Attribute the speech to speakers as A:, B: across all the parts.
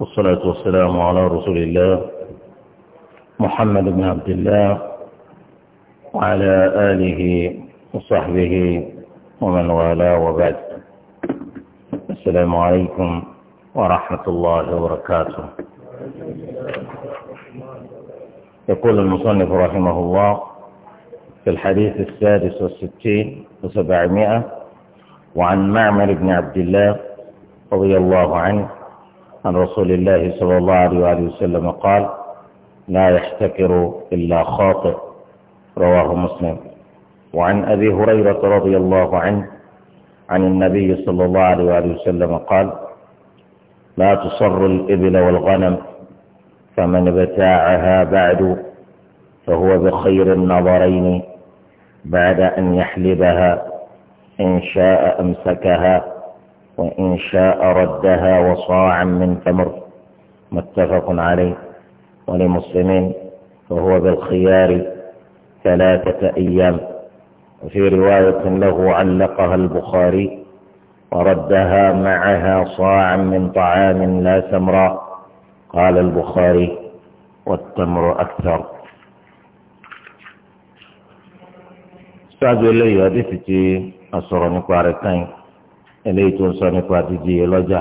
A: والصلاة والسلام على رسول الله محمد بن عبد الله وعلى آله وصحبه ومن والاه وبعد السلام عليكم ورحمة الله وبركاته يقول المصنف رحمه الله في الحديث السادس والستين وسبعمائة وعن معمر بن عبد الله رضي الله عنه عن رسول الله صلى الله عليه وآله وسلم قال لا يحتكر إلا خاطئ رواه مسلم وعن أبي هريرة رضي الله عنه عن النبي صلى الله عليه وآله وسلم قال لا تصر الإبل والغنم فمن بتاعها بعد فهو بخير النظرين بعد أن يحلبها إن شاء أمسكها وإن شاء ردها وصاعا من تمر متفق عليه ولمسلمين وهو بالخيار ثلاثة أيام وفي رواية له علقها البخاري وردها معها صاعا من طعام لا سمراء قال البخاري والتمر أكثر استاذ إليه هذه أسرني قارتين eléyìí tó ń sọ nípa dídíye lọ́jà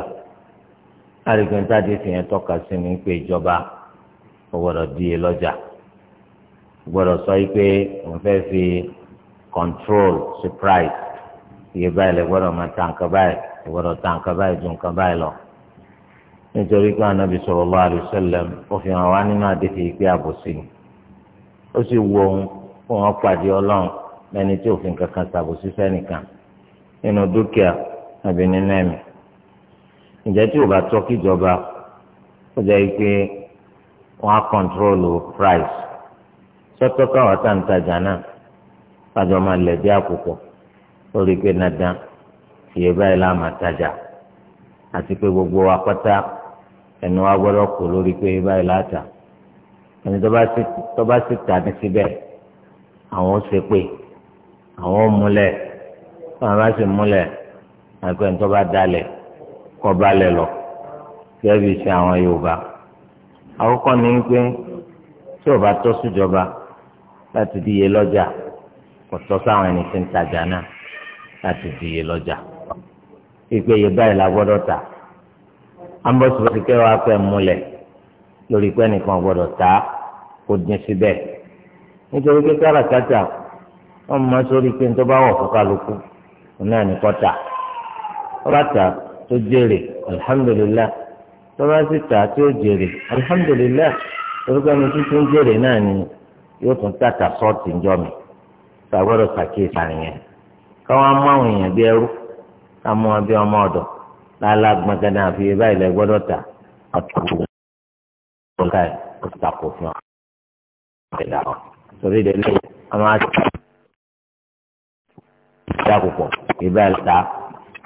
A: àrígbẹ́ntà dé fi yẹn tọ́ka sí ní pé ìjọba ò gbọ́dọ̀ díye lọ́jà gbọ́dọ̀ sọ pé òun fẹ́ fi control surprise iye báyìí lè gbọ́dọ̀ máa ta nǹkan báyìí lè gbọ́dọ̀ ta nǹkan báyìí ju nǹkan báyìí lọ nítorí pé anabi sallallahu alaihi wasallam ó fi hàn wá nínú àdéhùn ìpè àbòsí ni ó sì wo òun fún wọn pàdé Ọlọ́run lẹni tí òfin kankan ṣàbòsí sẹ́nìkan nínú dúkìá àbí nínú ẹ̀mí ǹjẹ́ tí o bá tọ́ kíjọba ó jẹ́ pé wọ́n á kọ́ńtrólù price sọ́tọ́ káwọn táǹtajà náà kájọ máa lẹ̀dí àkókò lórí pé dandan iye báyìí la máa tajà àti pé gbogbo apáta ẹnu wa gbọ́dọ̀ kó lórí pé báyìí la tà ẹni tó bá sì tà ní síbẹ̀ àwọn ó ṣe pé àwọn ó múlẹ̀ àwọn bá sì múlẹ̀ àgbẹ̀ ní tó bá dalẹ̀ kọ́ balẹ̀ lọ gẹ́gẹ́ sí àwọn yorùbá àkọ́kọ́ ni pé tí ò bá tọ́ síjọba láti di iye lọ́jà kò tọ́ sáwọn ẹni tí ń tajà náà láti di iye lọ́jà pípé iye báyìí la gbọ́dọ̀ tà ambọ̀sibọ̀ ti kẹ́ wàá pẹ́ múlẹ̀ lórí pé nìkan gbọ́dọ̀ tà kó dín síbẹ̀ nítorí pé káràkátà wọ́n mọ sórí pé ní tó bá wọ̀ náà ní kọ́ta rátà tó jèrè alihamudulilayi tó bá sì tà tó jèrè alihamudulilayi orúkọ mi tuntun jèrè náà ni yóò tún tàkà sọ́ọ̀tì ńjọ mi tàgbọ́dọ̀ kàkíyèsí àyẹn káwọn amú àwọn èèyàn bí ẹrú káwọn amú bí ọmọ ọ̀dọ̀ lálágbọ́n gánà àfi
B: báyìí lẹ gbọ́dọ̀ tà àtúntò ọ̀gá ẹ̀ ọ̀tàkùn fún wa ẹ̀dá wa torí ìdẹ́lẹ́ àwọn àti
A: ìdá púpọ̀ ìbá ẹ̀ ta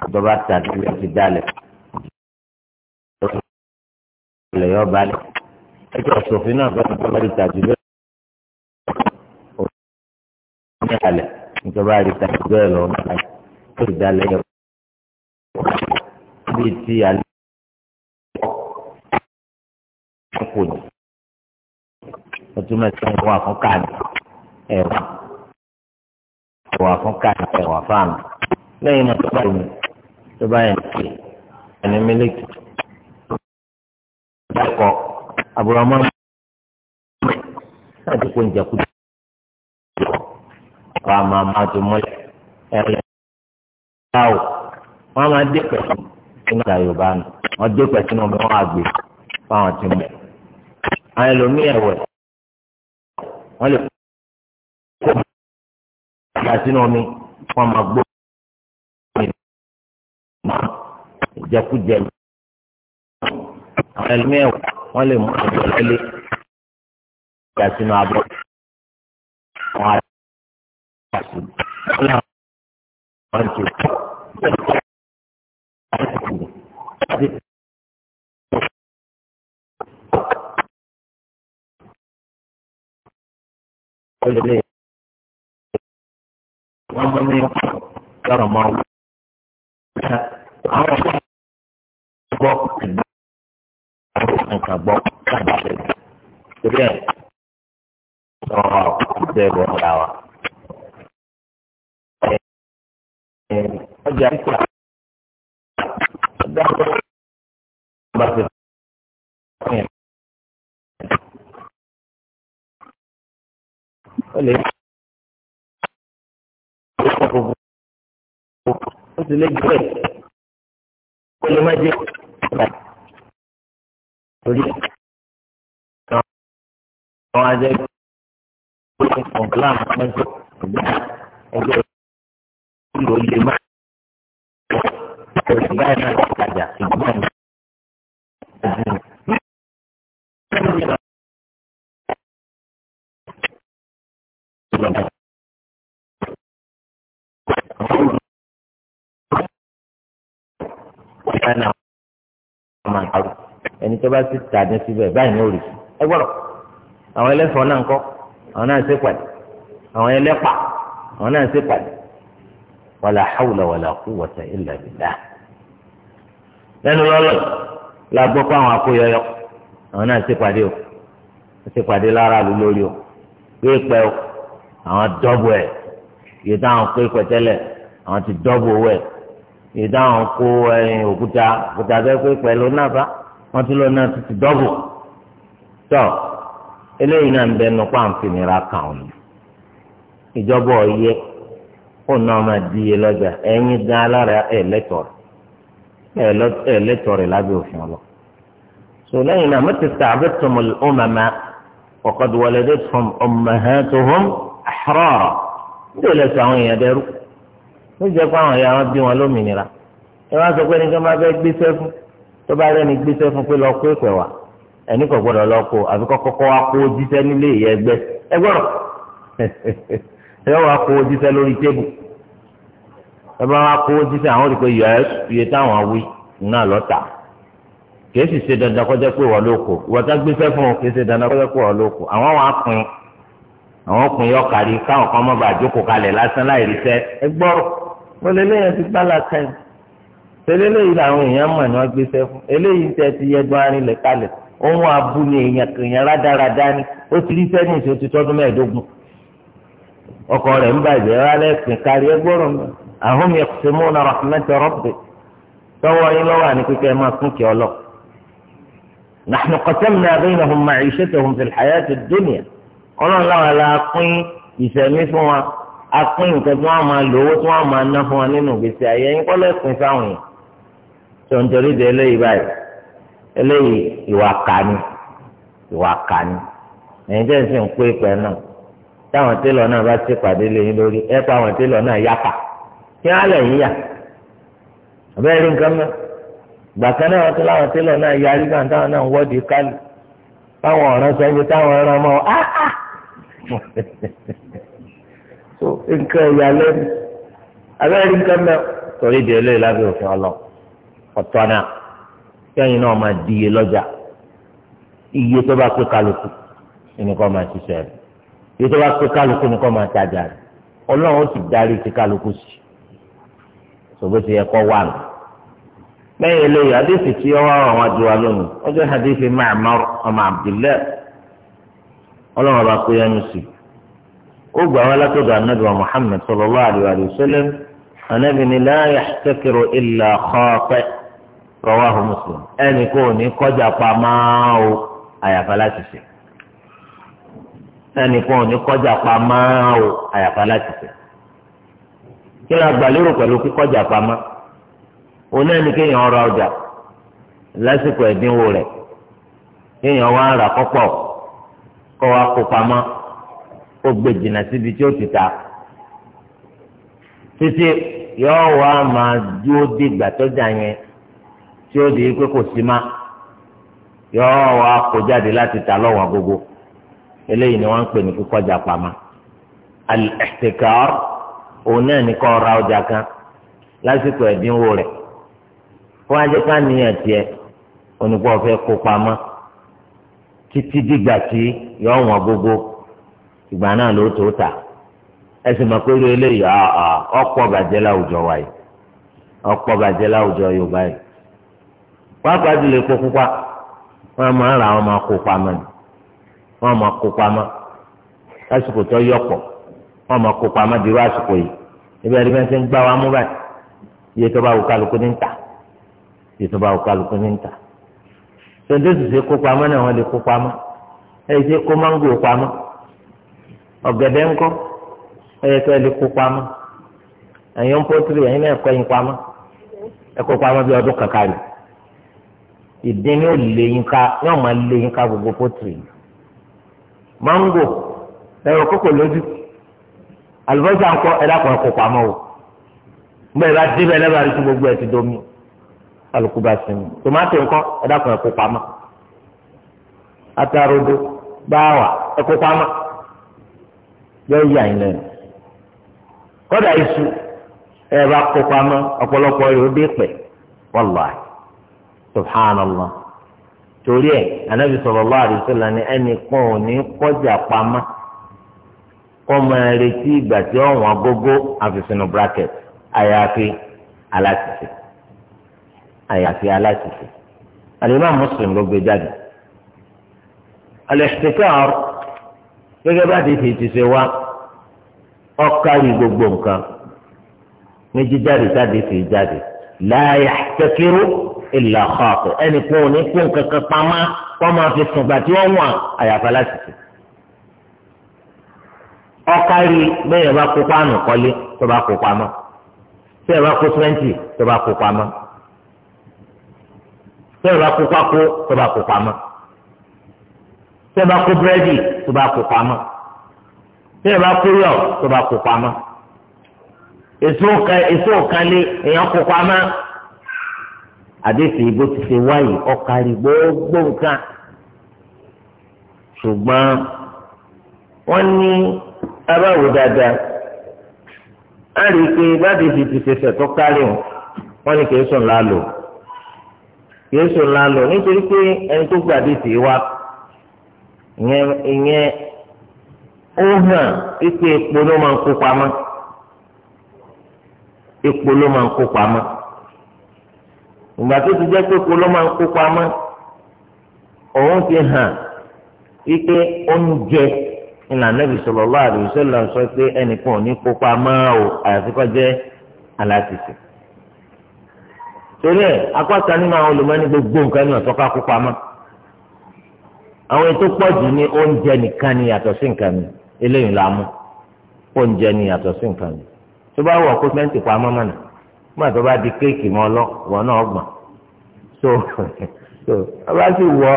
A: ìjọba tàbí ti dalẹ̀
B: ilẹ̀ yọ balẹ̀ ẹjọ́ sòfin náà gbọ́dọ̀ tó bá di tàbí bẹ́ẹ̀ ní alẹ̀ ìjọba di tàbí bẹ́ẹ̀ lọ tó di dalẹ̀ yọ bíi ti alẹ́ kò ní o tún mẹ́sàn án wà fún káàdì ẹ̀wà ẹ̀wà fún káàdì ẹ̀wà
A: fáàmù lẹ́yìn náà tó bá yìí tó bá yẹn kì ẹni mílíkì
B: ọkọ àbúrò ọmọ náà ti kó oúnjẹ kú ọ àmọ́ àmọ́ tó mọ́lẹ̀
A: ẹrẹ báwo wọn máa dé pẹ̀lú nínú ìgbà Yorùbá nù wọn dé
B: pẹ̀lú nínú wọn àgbè fáwọn tí mọ àwọn ẹlòmíì ẹ̀wẹ̀ wọn lè kó ọmọ ìgbà sínú wọn máa gbó mọ ìjẹkújẹ àwọn ẹlẹmìíràn wọn lè mú àjọ lọlé ìjà sínú abọ àwọn àti wọn lè wọn ti àti. Wọ́n mú mi lọ́rọ̀ máa wú àwọn ọ̀sán gbọ́ ẹ̀gbọ́n àwọn ọ̀sán kan gbọ́ káàdì ṣẹlẹ̀ torí ẹ̀ ọ̀rọ̀ bẹ́ẹ̀ bọ̀ ọ̀dà wa. ọjà ìkọ́ ọjà ìkọ́ bá ti fún yẹn. ó lè ṣe é ó sì lè jẹ́ ó lè má jẹ́ torí àwọn ajẹ́ ọ̀gá àwọn ọ̀gá ọ̀gá ìlú lè má ọ̀gá ìgbà náà ìtajà ìgbà náà. Thank you. báyìí náà
A: wọ́n máa ń parọ́ ẹni tó bá sì tà ní síbẹ̀ báyìí ní òrìṣì
B: ẹ gbọ́dọ̀ àwọn ẹlẹ́fọ̀ọ́ náà
A: ń kọ́ àwọn náà ń ṣe pàdé àwọn ẹlẹ́pà àwọn náà ń ṣe pàdé wàlà hàwùlà wàlà quwwata illa billah lẹ́nu lọ́lọ́ la gbọ́ pé àwọn akóyọyọ àwọn náà ṣe pàdé o ṣe pàdé lára lu lórí o pé pẹ́ o àwọn dọ́bù ẹ̀ yìí táwọn pé pẹ́ àwọn ti dọ́bù owó ẹ̀ ìdáhùn kó òkúta òkúta bẹ́ẹ̀ pé pẹ̀lú náfa wọ́n tún lọ náà títí dọ́bù tọ́ eléyìí náà ń bẹ nu pàǹfìnira kàn ọ́n ìjọba ọ̀yẹ́ ó náà máa di iye lọ́jà ẹ̀yin gan alára ẹ̀ lẹ́tọ̀ọ̀rẹ̀ ẹ̀ lẹ́tọ̀ọ̀rẹ̀ lábẹ́ òfin ọlọ́ so lẹ́yìn náà mẹ́tẹ̀ tààbẹ́tùm ọ̀mọ̀mọ́ ọ̀kadùwọlẹ́dẹ́tùm ọ̀mọ̀hẹ́tùhùm àhárọ̀ ń dè lẹ́sọ̀ àwọn èèyàn dẹ́rù ló jẹ́ pé àwọn ìyá wọn bí wọn lómìnira ẹ wá sọ pé ẹni tó máa fẹ́ gbéṣẹ́ fún tó bá rẹ́ni gbéṣẹ́ fún pé lọ́ọ́ kó ìpẹ̀ wá ẹni kò gbọ́dọ̀ lọ́ọ́ kó àfi kọ́kọ́ wá kó jíṣẹ́ nílé ìyẹ́gbẹ́ ẹ gbọ́dọ̀ ẹ wá kó jíṣẹ́ lórí tébù ẹ bá wá kó jíṣẹ́ àwọn olùkọ́ iye táwọn wí náà lọ́ta kìí sì ṣe dandan kọjá pé wọ́n ló kó ìwọ́ta gbéṣẹ́ fún un kìí ṣe dandan kọjá pé wọ́n ló kó àwọn wà á pin àwọn ọkùnrin ọkàrí káwọn kan mọ́ bàá jókòó lásán láì ríṣẹ́ ẹ gbọ́rọ̀ wọ́n lé lẹ́yìn ti gbá làkà yìí tẹ́lẹ̀ lẹ́yìn làwọn èèyàn mọ̀ ní wọ́n gbé sẹ́ fún eléyìí tẹ́ ti yẹ gbọ́n arin lẹ̀ kalẹ̀ ohun abu ni èèyàn kìnyàn rádaràda ni ó ti rí sẹ́yìn ìṣó ti tọ́dún mẹ́ẹ̀ẹ́dógún ọkọ rẹ̀ ń bàjẹ́ rálẹ̀ pín kárí ẹgbọ́rọ̀ mi àhún mi ẹ̀kúṣe mú na rahmatu rabbi tọwọ́ yín lọ́wọ́ àní kíkẹ́ máa kún kí ọlọ́ nahnu qasamna baynahum ma'ishatahum fil hayati ad-dunya ọlọ́run láwọn la ìṣẹ̀mí fún wa apín nǹkan tí wọ́n máa lò owó tí wọ́n máa ná fún wa nínú gbèsè ayé ẹ̀yin kọ́ lẹ́sìn sáwọn yìí tó ń torí de eléyìí báyìí eléyìí ìwà kàní ìwà kàní ẹ̀yin tẹ́ ń sìn pé pẹ́ náà táwọn télọ̀ náà bá ti pàdé lẹ́yìn lórí ẹ̀ pa àwọn télọ̀ náà yàtà kí wọ́n lẹ̀ yíyà abẹ́rẹ́ rí nǹkan mọ́ gbàkan náà wọ́n ti láwọn télọ̀ náà yarí náà táwọn náà wọ́ọ̀dì kálí táwọn ọ̀ràn sọ ibi táwọn ọ̀ràn mọ́ áá so nǹkan ìyàlẹ́nu abẹ́rẹ́ nǹkan náà torí di eléyìí lábẹ́ òfin ọlọ ọ̀tọ́ náà kẹ́yìn náà máa di iye lọ́jà iye tó bá pé kálukú nìkan máa ṣiṣẹ́ rẹ̀ iye tó bá pé kálukú nìkan máa tajà rẹ̀ ọlọ́run darí ti kálukú sí ṣòbó ti wà nù. lẹ́yìn eléyìí tí wọ́n lónìí wọ́n jẹ́ ọmọ ọlọ́run ọba sí ó gbà wọn látọ̀dọ̀ anabi wa muhammed sallallahu alayhi wa sallam anabi ni la muslim ẹnì kò ní kọjá pamọ́ àyàfà láti ṣe ẹnì kò ní kọjá pamọ́ àyàfà láti ṣe kí ni agbàlérò pẹ̀lú kíkọjá oní ẹni kéèyàn ra ọjà lásìkò ẹ̀dínwó rẹ̀ kéèyàn ó gbé jìnnà síbi tí ó ti ta títí yóò wá máa dúró dé ìgbà tọ́jà yẹn tí ó di pé kò sí má yóò wá kó jáde láti ta lọ́wọ́ gbogbo eléyìí ni wọ́n ń pè ní kíkọ́jà pamọ́ al-ihtikar òun náà ní kọ́ ra ọjà kan lásìkò ẹ̀dínwó rẹ̀ fún ajẹ́ká nìyẹn tiẹ̀ onígbọ́ fẹ́ kó pamọ́ títí dìgbà tí yọ̀ wọ́n gbogbo ìgbà náà ló tó tà ẹ sì mọ̀ pé irú eléyìí ọ̀pọ̀ bàjẹ́ láwùjọ wa yìí bàjẹ́ láwùjọ Yorùbá yìí pápá jùlọ epo pupa wọn máa ń ra wọn máa kó pamọ́ ni wọn máa kó pamọ́ lásìkò tó wọn máa kó dirú àsìkò yìí ẹni bẹ́ẹ̀ ti ń gbá wa mú báyìí iye tó bá wù kálukú ní ta iye tó bá wù ọ̀gẹ̀dẹ̀ ńkọ́ ẹ̀yẹ kẹ́ ẹ lè kó pamọ́ ẹ̀yin ń pọ́tìrì ẹ̀yin náà ẹ̀kọ́ yín pamọ́ ẹ̀kọ́ pamọ́ bí ọdún kankan rẹ̀ ìdí ni ó lè yín ká yóò máa lè yín ká gbogbo pọ́tìrì mángò ẹ̀rọ kókò lójú àlùbọ́sà ńkọ́ ẹ̀dá kan ẹ̀kọ́ pamọ́ o gbọ́ ẹ̀ bá lẹ́bàá rí tí gbogbo ẹ̀ ti domi alùpùpù sinmi tòmátì ńkọ́ ẹ̀dá kan ẹ̀kọ́ pamọ́ atarodo báwa ẹ̀kọ́ pamọ́ yóò yà yín lẹ́nu kódà iṣu ẹ bá kó pamọ́ ọ̀pọ̀lọpọ̀ rẹ̀ dé pẹ̀ wallahi subhanallah torí ẹ̀ anabi sallallahu alaihi wasallam ni ẹnì kan ò ní kọjá ìgbà tí bracket àyàfi aláṣìṣe àyàfi aláṣìṣe Muslim ló gẹ́gẹ́ bá ti fi ti ṣe wá ọkàlì gbogbo nǹkan ní jíjáde jáde fi jáde láàyè kẹkẹrú ìlà ọkọ ẹnì kan ò ní kó nǹkan kan pamá kó máa fi sùngbà tí wọ́n wà àyàfà láti ṣe ọkàlì bẹ́ẹ̀ bá kó pánù kọ́lé tó bá kó pamọ́ bẹ́ẹ̀ bá kó twenty tó bá kó pamọ́ bẹ́ẹ̀ bá kó pákó tó bá kó pamọ́ tẹ́ bá kó búrẹ́dì tó bá kó pamọ́ tẹ́ bá kó yọ̀ tó bá kó pamọ́ èso kan èso kan lé èèyàn kó pamọ́ àdéhùn ìbò ti ṣe wáyé ọkàrí gbogbo nǹkan ṣùgbọ́n wọ́n ní abáwo dáadáa á rí i pé báde fi ti ṣe tó kárí o wọ́n ní kìí sùn lálò kìí sùn lálò nítorí pé ẹni tó gbàdé sí wa. ìyẹn ó hàn pípé epo ló máa ń kó pamọ́ epo ló máa ń kó pamọ́ ìgbà tó ti jẹ́ pé epo ló máa ń kó pamọ́ òun ti hàn pípé oúnjẹ ìlànà sallallahu sọ pé ẹnìkan ò ní kó pamọ́ o àwọn ètò pọ̀jù ní oúnjẹ nìkan ni yàtọ̀ sí nǹkan mi eléyìí la mú oúnjẹ ni yàtọ̀ sí nǹkan mi tó bá wọ̀ kó pa mọ́mọ́ nà má tó bá di kéèkì mọ́ lọ wọ́n náà gbọ̀n so so ọba sì wọ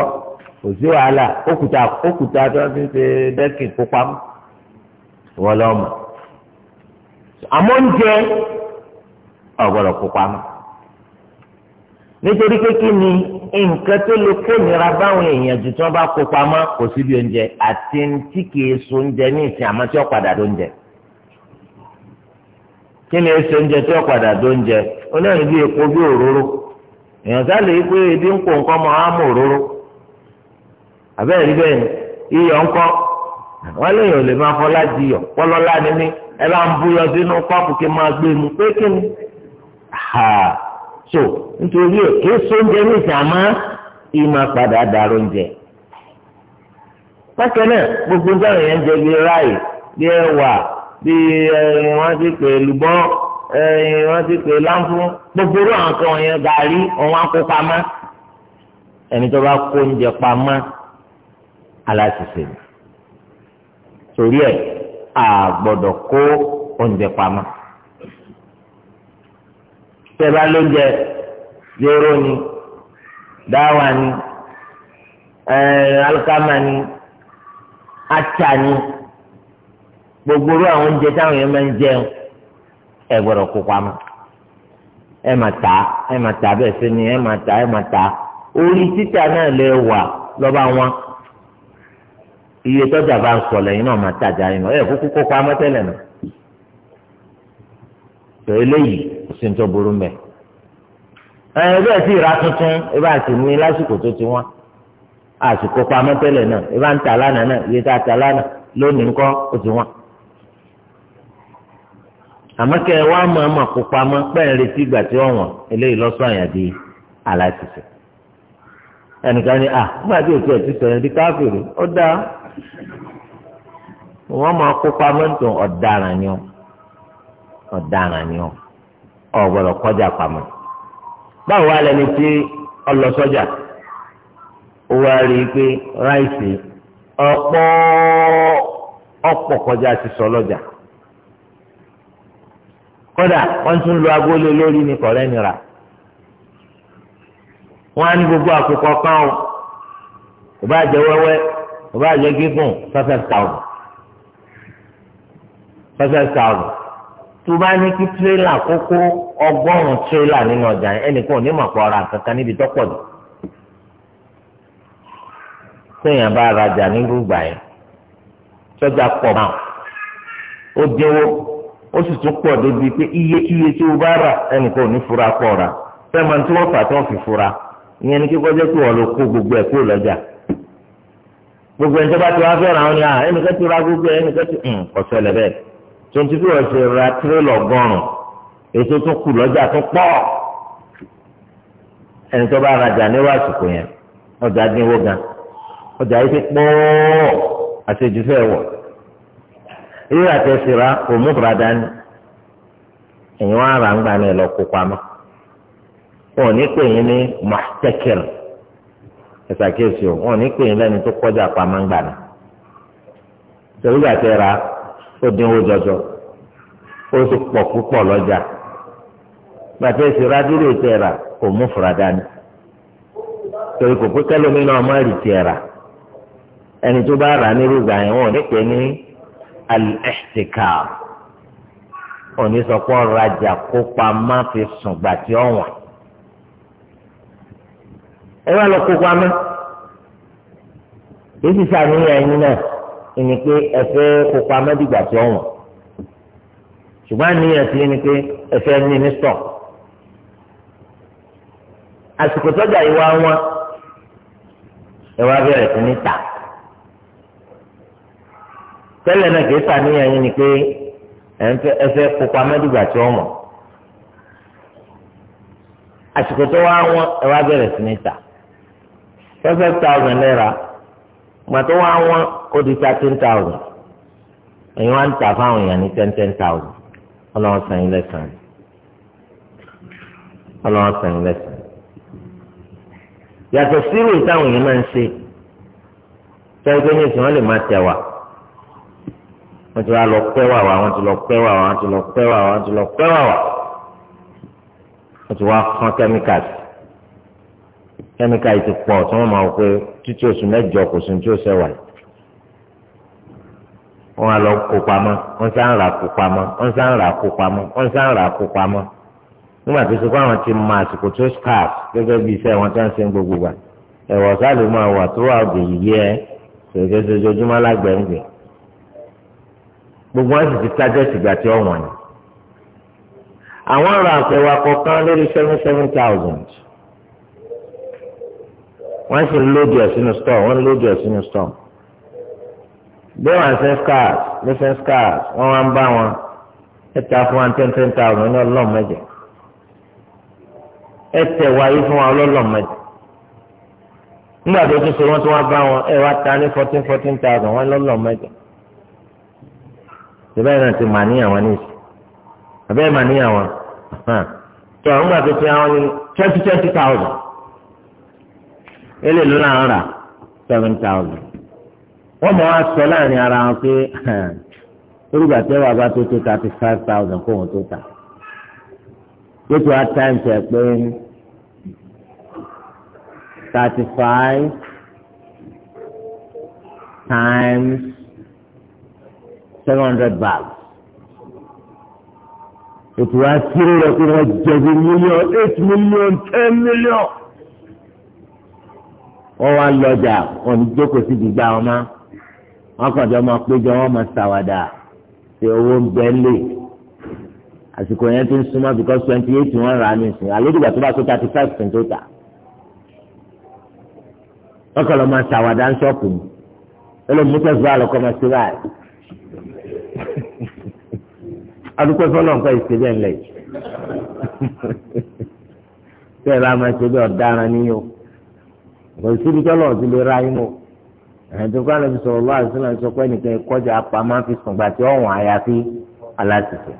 A: kò sí wàhálà òkúta òkúta tó ti ń ṣe dẹ́kì kópa wọ́n lọ́ mọ̀ àmọ́ ọ̀gbọ́dọ̀ kópa mọ́ nítorí pé ni. nǹkan tó lo kó nira báwọn èèyàn jù tí wọ́n bá kó pamọ́ kò síbi oúnjẹ àti tí kìí so oúnjẹ ní ìsìn tí ó padà dó oúnjẹ kí ni èso oúnjẹ tí ó padà dó oúnjẹ bí epo bí òróró èèyàn sá lè pé ebi ń kó nǹkan mọ́ mu pé kí ni so nítorí ẹ̀ èso oúnjẹ ní ìsàmá ìmọ̀ padà dàrú oúnjẹ. bákan náà gbogbo oúnjẹ àwọn èèyàn ń jẹ bíi ráì bíi ẹ̀wà bíi wọ́n ti pè lùbọ́ wọ́n ti pè láǹfún gbogbo orú àwọn kan wọ̀nyẹn gàrí wọn á ẹni tó bá kó oúnjẹ pamọ́ aláṣìṣe torí ẹ̀ a kó oúnjẹ pamọ́. tẹ́lá lóúnjẹ jéró ni dawa ni alikama ni atsa ni gbogbo ru àwọn oúnjẹ táwọn yẹn máa ń jẹun ẹ emata kó pamọ́ ẹ ẹ sí ni ẹ mà tà ẹ mà tà orí títà náà lè wà lọ́ba wọn iye tọ́jà bá ń sọ lẹ́yìn náà sí ní burú mẹ́. ẹ bẹ́ẹ̀ sì ra tuntun ti wọ́n àsìkò pamọ́ tẹ́lẹ̀ náà ń lánàá iye tá a ta lánàá lónìí ńkọ́ ó ti wọ́n. àmọ́ kẹ́ ẹ wá máa kó pamọ́ pẹ́ẹ́n retí ìgbà tí ó eléyìí lọ́sọ̀ àyàn di ẹnìkan ni ah nígbà tí òtún ẹ̀ ti sọ̀rọ̀ di káfíìrì ó daa wọ́n máa kó pamọ́ ọ̀daràn ni ọ ọ̀gbọ̀dọ̀ kọjá pamọ́ báwo wá lẹni tí ọlọ sọ́jà ó wá rí i pé ráìsì ọ̀pọ̀ ọ̀pọ̀ kọjá ti sọ lọ́jà kódà wọ́n tún lo agolo lórí ní kọ̀rẹ́ nira wọ́n á ní gbogbo àkókò kan o kò bá jẹ wẹ́wẹ́ kò bá jẹ gígùn fẹ́fẹ́ sàrùn fẹ́fẹ́ sàrùn. tó bá ní kí tirẹ́là kókó ọgọ́rùn-ún nínú ọjà ẹnìkan ní mọ̀ pọ̀ kankan níbi tọ́pọ̀ jù téèyàn bá rajà nírú ìgbà yẹn sọ́jà pọ̀ máa ó dínwó ó sì tún pọ̀ débi pé tí o bá rà ẹnìkan ní fura pọ̀ ra fẹ́ẹ́ máa tí fura ìyẹn gbogbo ẹ̀ gbogbo ẹ̀ ń tọ́ bá ti wá fẹ́ràn ni à ẹnìkan tonti bí wọ́n ṣe ra tirẹlọ ọgọ́rùn èso tó kù lọ́jà tó pọ̀ ẹni tó bá rajà níwọ àsìkò yẹn ọjà dínwó gan ọjà yìí ti pọ̀ àṣejù fẹ́ wọ irú kò mú bùrọ̀dá ni wọn ara ń gbà ní ẹlọ pamọ́ wọn ò ní pè yín ní mọ̀tẹ́kìr ẹ̀sàkíyèsí wọn ò ra ó dínwó jọjọ ó sì pọ̀ púpọ̀ lọ́jà gbàtí èsì rádìrì tẹ̀ rà kò mú fura dání torí kò pé kẹlómi náà má rì tẹ̀ rà ẹni tó bá rà nírú ìgbà yẹn wọn ò ní pè ní al-ihtika sọ pé ọ̀rajà kópa má fi sùn gbà ọ̀wọ̀n ẹ wá lọ kópa mọ́ èyí ti sàníyàn ẹ̀yin náà ẹni pé ẹfẹ́ kópa mẹ́dìgbà tí ọ̀wọ̀n ṣùgbọ́n àníyàn ti ẹni pé ẹfẹ́ ní ní sọ̀ àsìkò tọ́jà ìwà wọn ẹwà bẹ̀rẹ̀ sí ní ta tẹ́lẹ̀ náà kìí sàníyàn yín ni pé ẹfẹ́ kópa mẹ́dìgbà tí ọ̀wọ̀n àsìkò tó wá wọn ẹwà bẹ̀rẹ̀ sí ní ta fẹ́fẹ́ thousand naira gbàtọ́ wá wọn ó di thirteen thousand èyí wá ń tà fáwọn èèyàn ní ten ten thousand ọlọ́wọ́ sàn yín lẹ́sàn-án ọlọ́wọ́ sàn yín lẹ́sàn-án yàtọ̀ síwèé táwọn èèyàn máa ń ṣe tẹ́gbẹ́ ní ìsìn wọn lè máa tẹ̀ wá wọ́n ti wá lọ pẹ́ wà wá wọ́n ti lọ pẹ́ wà wá wọ́n ti lọ pẹ́ wà wá wọ́n ti lọ pẹ́ wà wá wọ́n ti wá fún kẹ́míkàsì kẹ́míkàsì ti pọ̀ tí wọ́n máa wọ pé títí oṣù mẹ́jọ kò sí tí ó ṣẹ̀wà yìí wọn a lọ kó pamọ́ wọn sá ń rà kó pamọ́ wọn sá ń rà kó pamọ́ wọn sá ń rà kó pamọ́ nígbà tó sọ pé àwọn ti mọ àsìkò tó scarf gẹ́gẹ́ bí iṣẹ́ wọn tó ń ṣe gbogbo wa ẹ̀wọ̀ sáàlì máa wà tó wà òdì yìí ẹ ṣèké ṣojoojúmọ́ lágbẹ̀ǹgbẹ̀ gbogbo wọn sì ti tájẹ́ tìgbà tí ó wọ̀nyí. àwọn ọ̀rọ̀ àpẹwà kọ̀ọ̀kan lórí seven seven thousand wọ́n sì ń lóde ẹ̀ sínú store wọ́n ń lóde ẹ̀ sínú store bí wọ́n ń sẹ́ńs cars ló sẹ́ńs cars wọ́n wá ń bá wọn ẹ ta fún wa ten ten thousand ní ọlọ́ọ̀ mẹ́jẹ ẹ tẹ̀ wáyé fún wa ọlọ́ọ̀ mẹ́jẹ nígbà tó tún ṣe wọ́n tún wá bá wọn ẹ wá ta ní fourteen fourteen thousand wọ́n lọ́ọ̀ mẹ́jẹ ìbẹ́ náà ti mà níyàn wọn níṣẹ́ àbẹ́ mà níyàn wọn tó àwọn tó ti àwọn ní twenty twenty thousand ẹ lè lónà àwọn seven thousand wọ́n mọ̀ wá sọ láàrin ara wọn pé orúkọ àtẹ́wà bá tó tó thirty five thousand kó wọn tó tà yóò tó wá times ẹ̀ pé thirty five times seven hundred bags ètò wa kiri rẹ pé wọn jẹbi mílíọ̀n eight million ten million wọn wá lọjà wọn ní jókòó síbi gbà wọn máa wọn kàn jọ máa péjọ wọn máa ṣàwàdà ṣe owó ń bẹ lè àsìkò yẹn ti ń súnmọ́ because twenty eight wọ́n rà á nìsín àlódìgbà tó bá tó thirty five percent tó tà wọn kàn lọ máa ṣàwàdà ń ṣọ́ọ̀pù ni ó lè mú tẹ̀síwá lọ́kọ́ máa ṣe báyìí adúpẹ́ fọlọ́ nǹkan ìṣe bẹ́ẹ̀ lẹ̀ tẹ́ ẹ bá máa ṣe bẹ́ẹ̀ ọ̀daràn níyó kò síbi tọ́lọ̀ ti lè ra inú ẹ̀ẹ́dẹ̀ kó àlọ́ fi sọ̀rọ̀ lọ́wọ́ àti sọ́nà sọ pé nìkan kọjá apamọ́ fi sùn gbà tí ọ̀hún àyàfi aláṣẹṣẹ.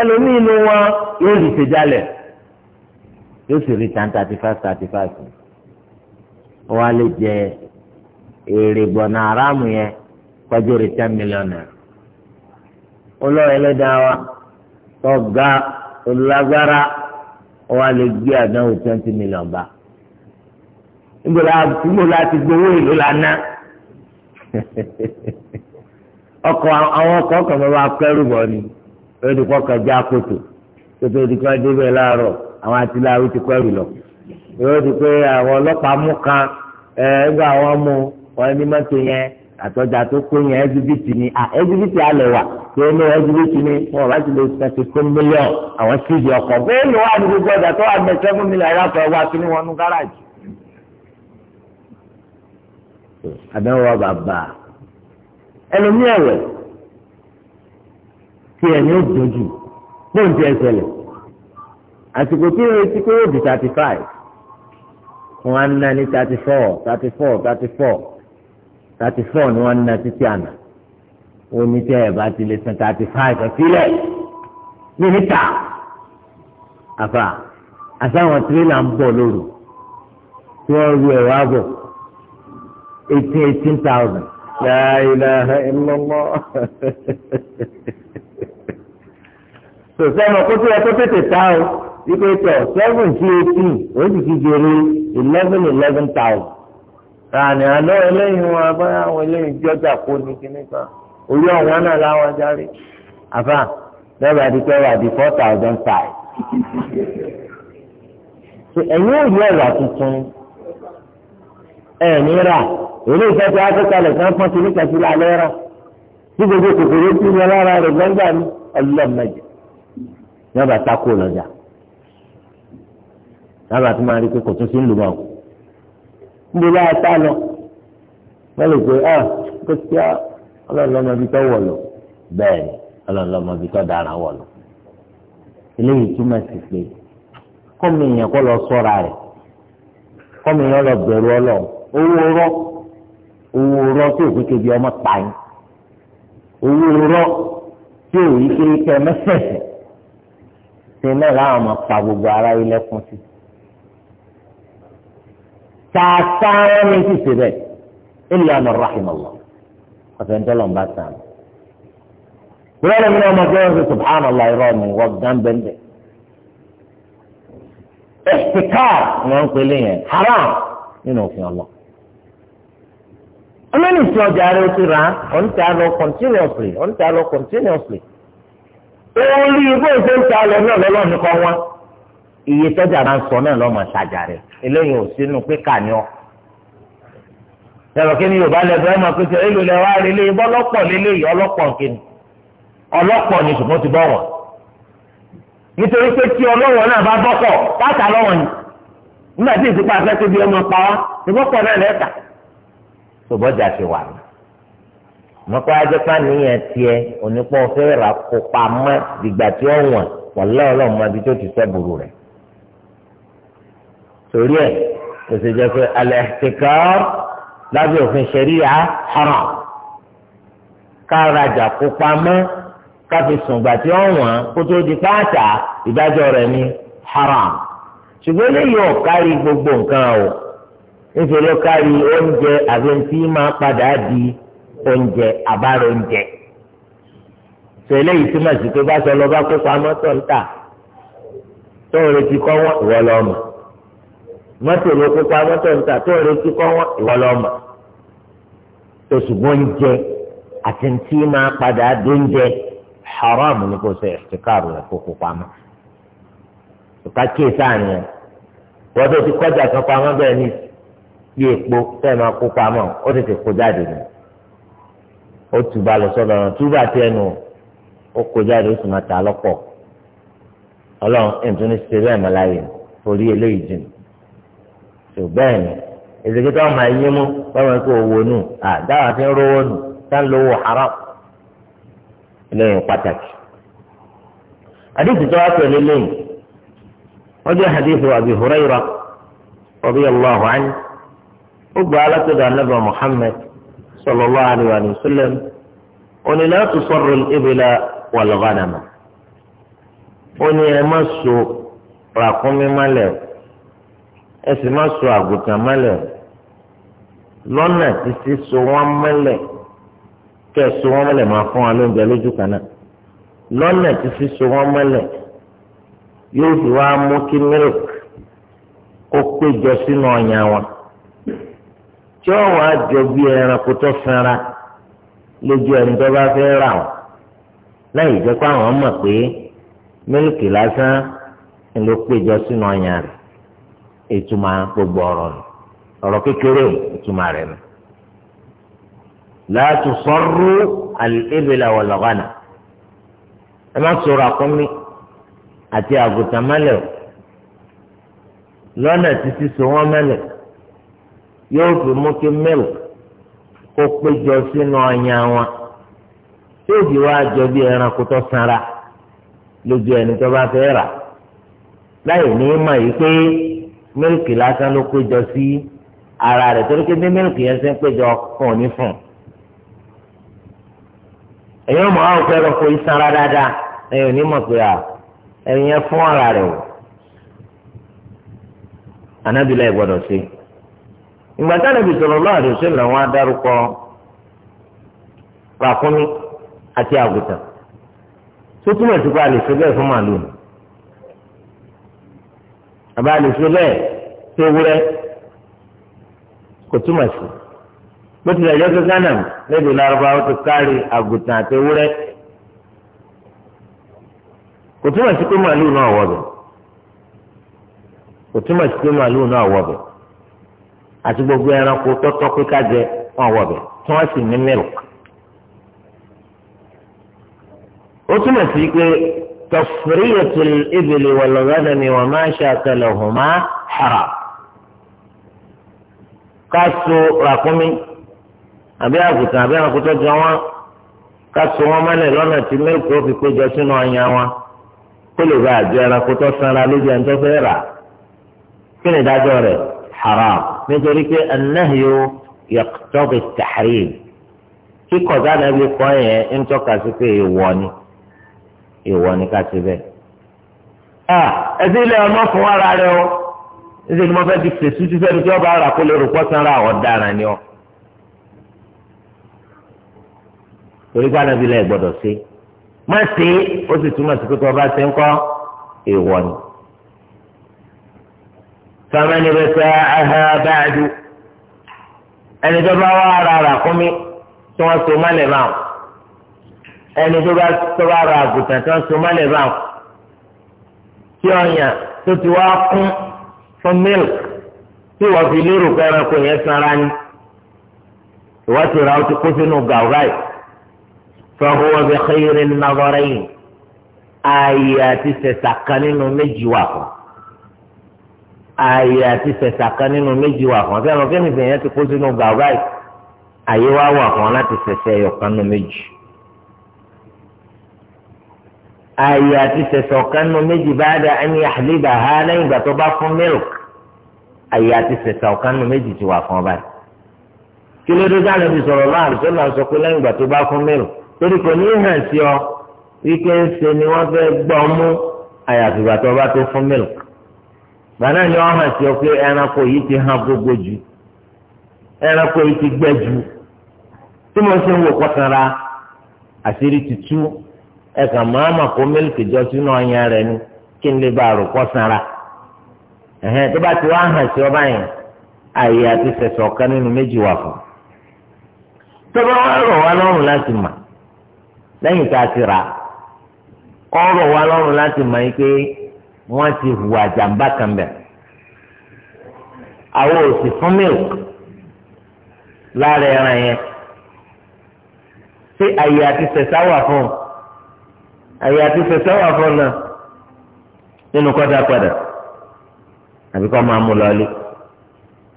B: ẹlòmíì inú wọn yóò rí
A: ìṣèjálẹ̀ yóò sì rí tan thirty five thirty five wọ́n á lè jẹ èrè gbọ̀nà aráàmù yẹn kọjú rí ten million naira. olóyè ẹlẹ́dàá wa tọ́ga olùlágbára wọ́n á lè gbé àdánwò twenty million bá níbo láti gbowó èlò lánàá ọkọ̀ àwọn ọkọ̀ ọkọ̀ máa bá kẹ́rù bọ̀ ni lórí kọ́kọ́ já kótó kótó di kọ́ débẹ̀ láàárọ̀ àwọn atiláwí ti kẹ́rù lọ lórí pé àwọn ọlọ́pàá mú kan ẹ ẹgbẹ́ àwọn mú wọn ní mọ́tò yẹn àtọ́jà tó kó yẹn ẹ́gíbìtì ni ẹ́gíbìtì alẹ̀ wà tó ní ẹ́gíbìtì ni wọn bá ti lè sẹ́kì fún mílíọ̀n àwọn síbi ọkọ̀ bẹ́ẹ̀ ni wọ́n á ní gbogbo ọjà tó wà ní seven mílíọ̀n aláàtọ̀ wá sí ní wọn nú gáràjì àdánwò bàbà ẹlòmí ẹ̀wẹ̀ tí ẹni ó dojú bóun ti ẹsẹlẹ àsìkò tí ó retí pé ó di thirty five wọn á ná ní thirty four thirty four thirty four thirty four ni wọn ná títí àná ó ní tí ẹ bá ti lè san thirty five ẹsílẹ ní níta àfà àtàwọn tirẹ̀là ń bọ̀ lóru tí wọ́n rú ẹ̀rọ àbọ̀ eighteen eighteen thousand la ilaha illallah sọ̀sẹ́nu kó tó yẹ kó tètè ta o wípé tọ̀ seven sí oh, eighteen ó sì fi jèrè eleven eleven thousand tààní àná eléyìí wọn abáyá àwọn eléyìí jọjà kó ní kíní kan orí ọ̀wọ́n náà láwọn járe àfà lẹ́bàá di pé wà di four thousand five ẹ̀yin ò yẹ ọ̀rọ̀ tuntun ẹ̀ ní rà èlé ìfẹ́ tí wọ́n ti kalẹ̀ fún ọpọ́n tí nípa sí lálẹ́ rọ tí gbogbo kòkòrò tí ń lára rẹ̀ gbọ́ngbà ní ọlọ́mọdé yóò bá tako lọ́jà lábàá tó máa rí pé kò tún sí ń lù mọ́ níbo láyà tá lọ wọ́n lè pe ah kò sí ọlọ́mọdé tó wọ̀ lọ bẹ́ẹ̀ ni ọlọ́mọdé tó dára wọ̀ lọ eléyìí túmọ̀ sí pé kọ́mi èèyàn kọ́ lọ sọ́ra rẹ̀ kọ́mi èèyàn lọ bẹ̀rù ọlọ́run owó rọ́ owó rọ tí òkú kejì ọmọ pa yín owó
B: rọ tí òyí
A: kiri kẹ mẹsẹsẹ ṣe náà láwọn ọmọ pa gbogbo ara ilé kún sí. tààtà wọn ní ti ṣe bẹ́ẹ̀ ilé ọmọ rahimallah ọsẹ ń tọ́lọ̀ ń bá sàn. wọ́n lè mú ọmọ gbé wọn sí subhanallah irọ́ mi wọ́n gán bẹ́ẹ̀ ẹ̀sìkáà ni wọ́n ń pè é léyìn haram nínú òfin ọlọ́ọ̀ ọlọ́ni tí ọjà rẹ ti rà á ọ̀n tà lọ continuously ọ̀n tà lọ continuously orí ibò ìṣe ń tà lọ náà lọ́lọ́ nìkan wá iye tọ́jà rà ń sọ náà lọ́mọ ṣàjà rẹ eléyìí ò sínú píkà ni ọ. ẹ̀rọ kí ni yorùbá lẹ́gbẹ̀ẹ́ ọmọ pé èlò lẹ́ wá rí léyìn bọ́lọ́pọ̀ léléyìí ọlọ́pọ̀ nkíni ọlọ́pọ̀ ni ṣùgbọ́n ti bọ̀ wọ̀n nítorí pé tí ọlọ́wọ̀n náà bá bọ́kọ̀ pátá lọ́wọ̀n ni nígbà tí ìsìnkú afẹ́fẹ́ bí ọmọ pa wá ṣùgbọ́n pọ̀ náà lẹ́ẹ̀ta tòbọ́jà ti wà ní. mọ́kọ́ ajẹ́pá nìyẹn tiẹ̀ onípọ̀ fẹ́ rà kó pamọ́ dìgbà tí ó wọ̀n pọ̀lẹ́ ọlọ́mọ ibi tó ti sẹ́bùrù rẹ̀. torí ẹ̀ kò sì pé al-ihtikar lábẹ́ òfin ṣẹ̀ríyà haram kárajà kó pamọ́ káfi sùngbà tí ó wọ̀n kó di pàtà ìdájọ́ rẹ̀ ní haram ṣùgbọ́n eléyìí ò kárí gbogbo nǹkan o níṣẹ́ ló kárí oúnjẹ àbí ntí máa padà di oúnjẹ àbára oúnjẹ tó eléyìí túmọ̀ sí pé bá sọ lọ bá kó pamọ́ tó ń tà tó ń retí kọ́ wọ́n ìwọ lọ́mọ mọ́tò ló kó pamọ́ tó ń tà tó ń retí kọ́ wọ́n ìwọ lọ́mọ tó ṣùgbọ́n oúnjẹ àti ntí máa padà di oúnjẹ haram ni kò sọ ìṣèkárò rẹ̀ kó kó pamọ́ ìka kíyèsáà ni wọ́n tó ti kọjá kan pamọ́ bẹ́ẹ̀ ní bí epo tẹ́ ẹ máa kó pamọ́ ó tètè kó jáde ó lọ sọ́dọ̀ tiẹ̀ nù ó kó jáde ó sì máa tà lọ́pọ̀ ọlọ́run ẹ̀ǹtún ní ṣe bẹ́ẹ̀ mọ́láyè eléyìí jìn tó bẹ́ẹ̀ ni èdèké táwọn máa yín mú báwọn kò wò nù àdáwà fi ń rówó nù tá ń lówó haram lẹ́yìn pàtàkì. àdìsí tó wá pẹ̀lú lẹ́yìn wọ́n jẹ́ àdìsí Abi ó gba alátọ́dọ̀ anábà Muhammad sallallahu alayhi wa sallam ó ní la tusarru al-ibla wal ghanama ó ní ẹ má so ràkúnmí mọ́lẹ̀ ẹ sì má so àgùntàn mọ́lẹ̀ lọ́nà títí so wọ́n mọ́lẹ̀ kẹ́ so wọ́n mọ́lẹ̀ máa fún wa lóúnjẹ lójú kan náà lọ́nà títí so wọ́n mọ́lẹ̀ yóò fi wá mú kí mílíkì kó péjọ sínú ọ̀yàn wọn tí ó wàá jọ bí ẹranko tó sanra lójú ẹni tó bá fẹ́ rà ọ́ láì jẹ́ pé àwọn mọ̀ pé mílìkì lásán ló péjọ sínú ọyàn rẹ̀ ìtumọ̀ gbogbo ọ̀rọ̀ nù ọ̀rọ̀ kékeré ìtumọ̀ rẹ̀ nù. láti sọ́rú àlébèlà wọ̀lọ́gánà ẹ má sọ̀rọ̀ àkọ́mí àti àgùntàn mẹ́lẹ̀ lọ́nà títí so wọ́n mẹ́lẹ̀ yóò fi mú kí milk kó péjọ sínú ọyàn wọn tí òbí wa jọ bí ẹranko tó sanra lójú ẹni tó bá fẹ́ rà láì ní mọ̀ yìí pé mílìkì lásán ló péjọ sí ara rẹ̀ torí pé bí mílìkì yẹn ṣe ń péjọ kàn ní fún un ẹ̀yin ọmọ àwọn òkú ẹranko yìí sanra dáadáa ẹ̀yin ò ní mọ̀ pé ẹ̀yin yẹn fún ara rẹ̀ o ànábìlẹ̀ gbọ́dọ̀ sí ìgbà táwọn ibi sọ̀rọ̀ lọ́wọ́ àdùnsí làwọn adarúkọ ràkúnmí àti àgùtàn tó túmọ̀ sí pé a lè ṣe bẹ́ẹ̀ fún màálù ni àbá a lè ṣe bẹ́ẹ̀ tó wúrẹ́ kò túmọ̀ sí bó tilẹ̀ jẹ́ pé Ghana lédè lárúbáwá ti kárí àgùtàn àti wúrẹ́ kò túmọ̀ sí pé màálù náà wọ̀ bẹ̀ kò túmọ̀ sí pé màálù náà wọ̀ bẹ̀. àti gbogbo ẹranko tọ́tọ́ jẹ wọn wọ̀ tí wọ́n sì ní milk. ó túmọ̀ sí pé tafriyatul ibli wal ghanami wa ma shakalahuma haram. ká so ràkúnmí àbí àgùntàn àbí ẹranko tó jọ wọn ká wọn mọ́lẹ̀ lọ́nà tí milk ó fi péjọ sínú ọyàn wọn kó lè bá àjọ ẹranko tó sanra lójú
B: haram
A: nítorí pé anahiyo yaqtadi tahrim kíkọ̀ dáná bí kọ́ yẹn ń tọ́ka sí pé èèwọ̀ ni èèwọ̀ ni ká ti bẹ́ẹ̀. à ẹsẹ ilé ọmọ fún ara rẹ o níṣẹ́ ni mo fẹ́ ti fèsì tí sẹ́ni tí wọ́n bá rà kó lè rò pọ́ sanra ọ̀daràn ni ọ. torí pé anábìlẹ̀ gbọ́dọ̀ ṣe má ṣe ó sì túmọ̀ sí pé tí wọ́n bá ṣe ń kọ́ èèwọ̀ ni. فمن ابتاعها بعد ẹni tó bá wá ara rà fún mi tí wọ́n so mọ́lẹ̀ bá wọn ẹni tó bá tó bá ra àgùntàn tí wọ́n so mọ́lẹ̀ bá wọn tí ọyàn tó ti wá kún fún milk tí wọ́n fi lérò pé ẹranko yẹn sanra ni ìwọ́n ti ra ó ti kó sínú gàwúráì fọwọ́ wọn fi xeyìrì nàbọ̀rẹ́yìn ààyè àti sẹ̀sà kan nínú méjì wà fún un ààyè àti sẹ̀sà kan nínú méjì wà fún ọ sẹ́wọ̀n kí nìkan yẹn ti kó sínú bàbá yìí ààyè wá wà fún ọ láti sẹ̀sẹ̀ ẹ̀yọ̀kan nínú méjì. ààyè àti sẹ̀sẹ̀ ọ̀kan nínú méjì bá dá ẹni àlébà ha lẹ́yìn ìgbà tó bá fún mílk ààyè àti sẹ̀sẹ̀ ọ̀kan nínú méjì ti wà fún ọ báyìí. kí ló dé dáná fi sọ̀rọ̀ náà àrùsọ náà sọ pé lẹ́yìn ìgbà tó bá fún mílk torí kò ní hàn ọ wípé ń ṣe ni wọ́n fẹ́ gbọ́ mú àyàfìgbà tó bá tó fún mílk. gbaná ni ọha si sí ọ yi ti hàn gbogbo ju ẹranko yi ti gbẹ ju tí mo ṣe ń wò kọtara àṣírí tutù ẹ̀ka e màmá kó mílìkì jọ sínú rẹ ni kí n lè bá a rò kọsara ẹ̀hẹ́n tó bá ti wá hàn sí ọ àti nínú méjì wọ́n ti hùwà jàǹbá kan bẹ̀. àwọn òsì fún milk lára ẹran yẹn ṣé àyè àti sẹ̀sá wà fún un àyè àti sẹ̀sá wà fún un náà nínú kọ́dà padà àbí kọ́ máa mú lọ́lé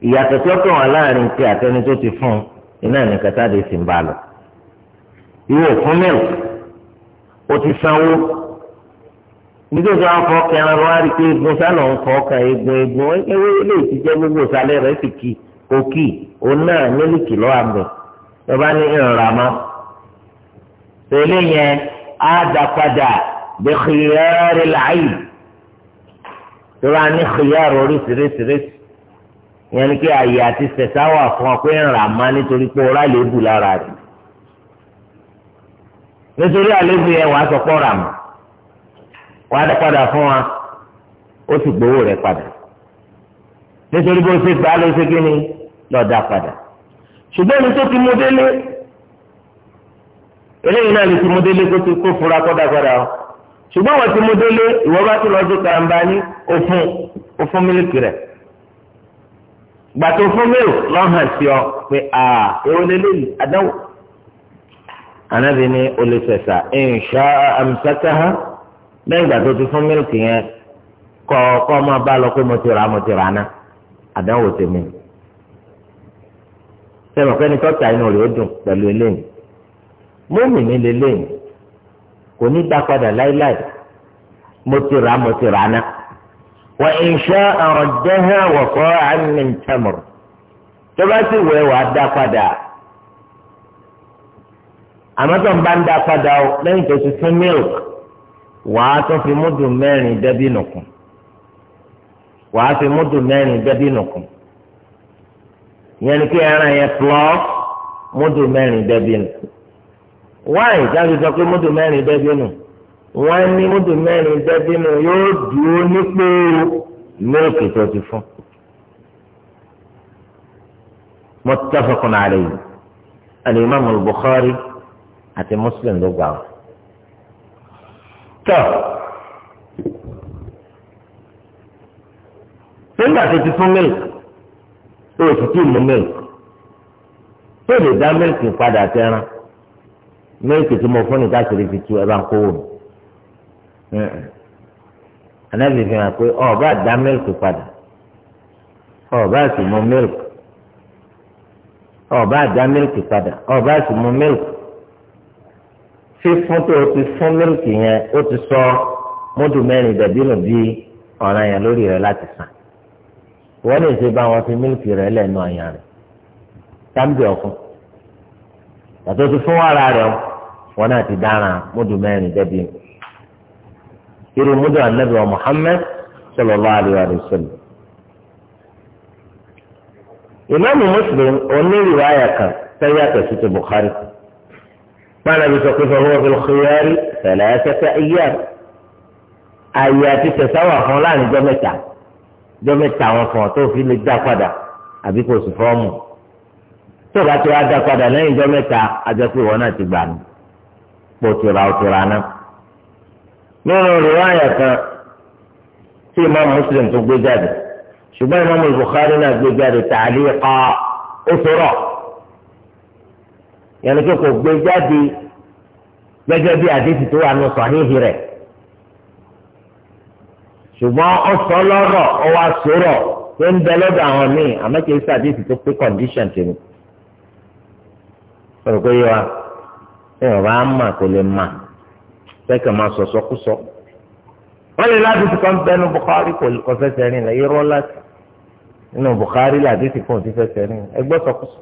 A: ìyàtọ̀ tí ó kàn wá láàrin ti àtẹni tó ti fún iná ní kẹtàdé sì ń bá lọ. ìwọ fún milk o ti sanwó nítorí tí wọn fọ kẹrin wọn rí pé egun sálọ ń fọ kan egun egun ewé eléyìí ti jẹ gbogbo sálẹ rẹ sì kì òkì òun náà mílíkì lọ àbẹ lọba ní ìrora mọ tẹ́lẹ̀ yẹn á dá bí xiyẹrẹ làáyì tọba ní xiyẹrẹ oríṣiríṣiríṣi yẹn ni kí àyè àti sẹsà wà fún ọ pé ìrora mọ nítorí pé ọrá lè bù lára rẹ nítorí àlébù yẹn wàá sọ pé ọrà mọ wà á padà fún wa ó sì gbowó rẹ̀ padà nítorí bó ṣe gbà á ló ṣe kíni lọ́ọ̀dà padà ṣùgbọ́n ní tó ti mú délé eléyìí náà lè ti mú délé kó ti kó fura kó dàgbàdà o ṣùgbọ́n wọ́n ti mú délé ìwọ bá ti lọ́ọ́ dúkà ń bá ní òfun òfun mílíkì rẹ̀ gbàtò fún mẹ́rù lọ́hàn sí ọ pé a èwo lè léyìí adáwò anábìíní olùsẹ̀sà ìnṣá àmì sákàá lẹ́yìn ìgbà tó ti fún mílìkì yẹn kọ́ kọ́ máa bá lọ pé mo ti rà mo ti rà ná àdánwò tèmi sẹ́wọ̀n kẹ́ni tọ́ta inú rẹ̀ ó dùn pẹ̀lú eléyìí mọ́mìnì lélẹ́yìn kò ní dá padà láíláí mo ti rà mo ti rà ná wà ìṣe àròjẹ́hẹ́ wọ̀kọ́ àmì tẹ̀mọ̀rọ̀ tó bá sì wẹ̀ wà dá padà àmọ́ ń bá ń dá padà lẹ́yìn tó ti fún mílìkì wàá tó fi múdù mẹ́rin dẹ́bí nùkùn wàá fi múdù mẹ́rin dẹ́bí nùkùn yẹn ni kí ẹran yẹn plus múdù mẹ́rin dẹ́bí nù wáyé jáde sọ pé múdù mẹ́rin dẹ́bí nù wọ́n ní múdù mẹ́rin dẹ́bí nù yóò dúró nípò mílíkì tó ti fún muttafaqun alayhi al-imam al-bukhari àti muslim ló gbà wọn
B: tọ́ nígbà tó ti fún milk
A: tó o sì ti mú milk tó lè dá milk padà tẹ́ran milk tí mo fún ní káṣírí fi tu ẹ bá ń kówó mi anábì fi hàn pé ọ bá dá mílìkì padà ọ bá sì mú mílìkì ọ bá dá mílìkì padà ọ sì mú mílìkì fífún tó o ti fún mílìkì yẹn ó ti sọ mọ́tò mẹ́rin dàbínú bí ọ̀ràn yẹn lórí rẹ láti sàn wọ́n lè ṣe bá wọn fi mílìkì rẹ lẹ́nu ọ̀yàn rẹ̀ tábìlì ọ̀fun yàtọ̀ ti fún wàrà rẹ̀ wọn náà ti dára mọ́tò mẹ́rin dàbínú irú mọ́tò ànábì wa Muhammad sallallahu alaihi wa sallam. ìmáàmù Muslim oníriwáyà kan tẹ́yà tẹ̀sí Bukhari pààlà bí sọ pé fọwọ́ fi xiyari tẹ̀lé ẹsẹ̀kẹ́ iyá ayé àti tẹ̀sáwà fún láàrin jọ mẹ́ta jọ mẹ́ta wọn fún ọ tó fi lè dá padà àbí kò sì fọ́ọ̀mù tó bá ti dá padà lẹ́yìn jọ mẹ́ta ajọ náà ti gbà mí kó tura o tura náà. nínú rìwáyà kan tí Imam Muslim tó gbé jáde ṣùgbọ́n Imam Bukhari náà gbé jáde tààlí kọ́ ó sọ̀rọ̀ yẹn ni kò gbé jáde gẹ́gẹ́ bí àdéhùn tó wà nù sàhíhì rẹ̀ ṣùgbọ́n ọ̀sán lọ́rọ̀ ọwọ́ àsọ̀rọ̀ tó ń bẹ lọ́dọ̀ àwọn míì àmọ́kè sí àdéhùn tó pé condition ti ni. sọ̀rọ̀ pé yẹ wa ṣé ọ̀rọ̀ á mà kò lè mà sẹ́kẹ̀ máa sọ̀sọ́ kú sọ. wọ́n lè láti ti kàn bẹnu Bukhari kò kọ́ fẹsẹ̀ rìn lẹ́yìn rọ́lá nínú Bukhari làdéhùn kò ti fẹsẹ̀ rìn ẹgbẹ́ sọ̀kúsọ̀.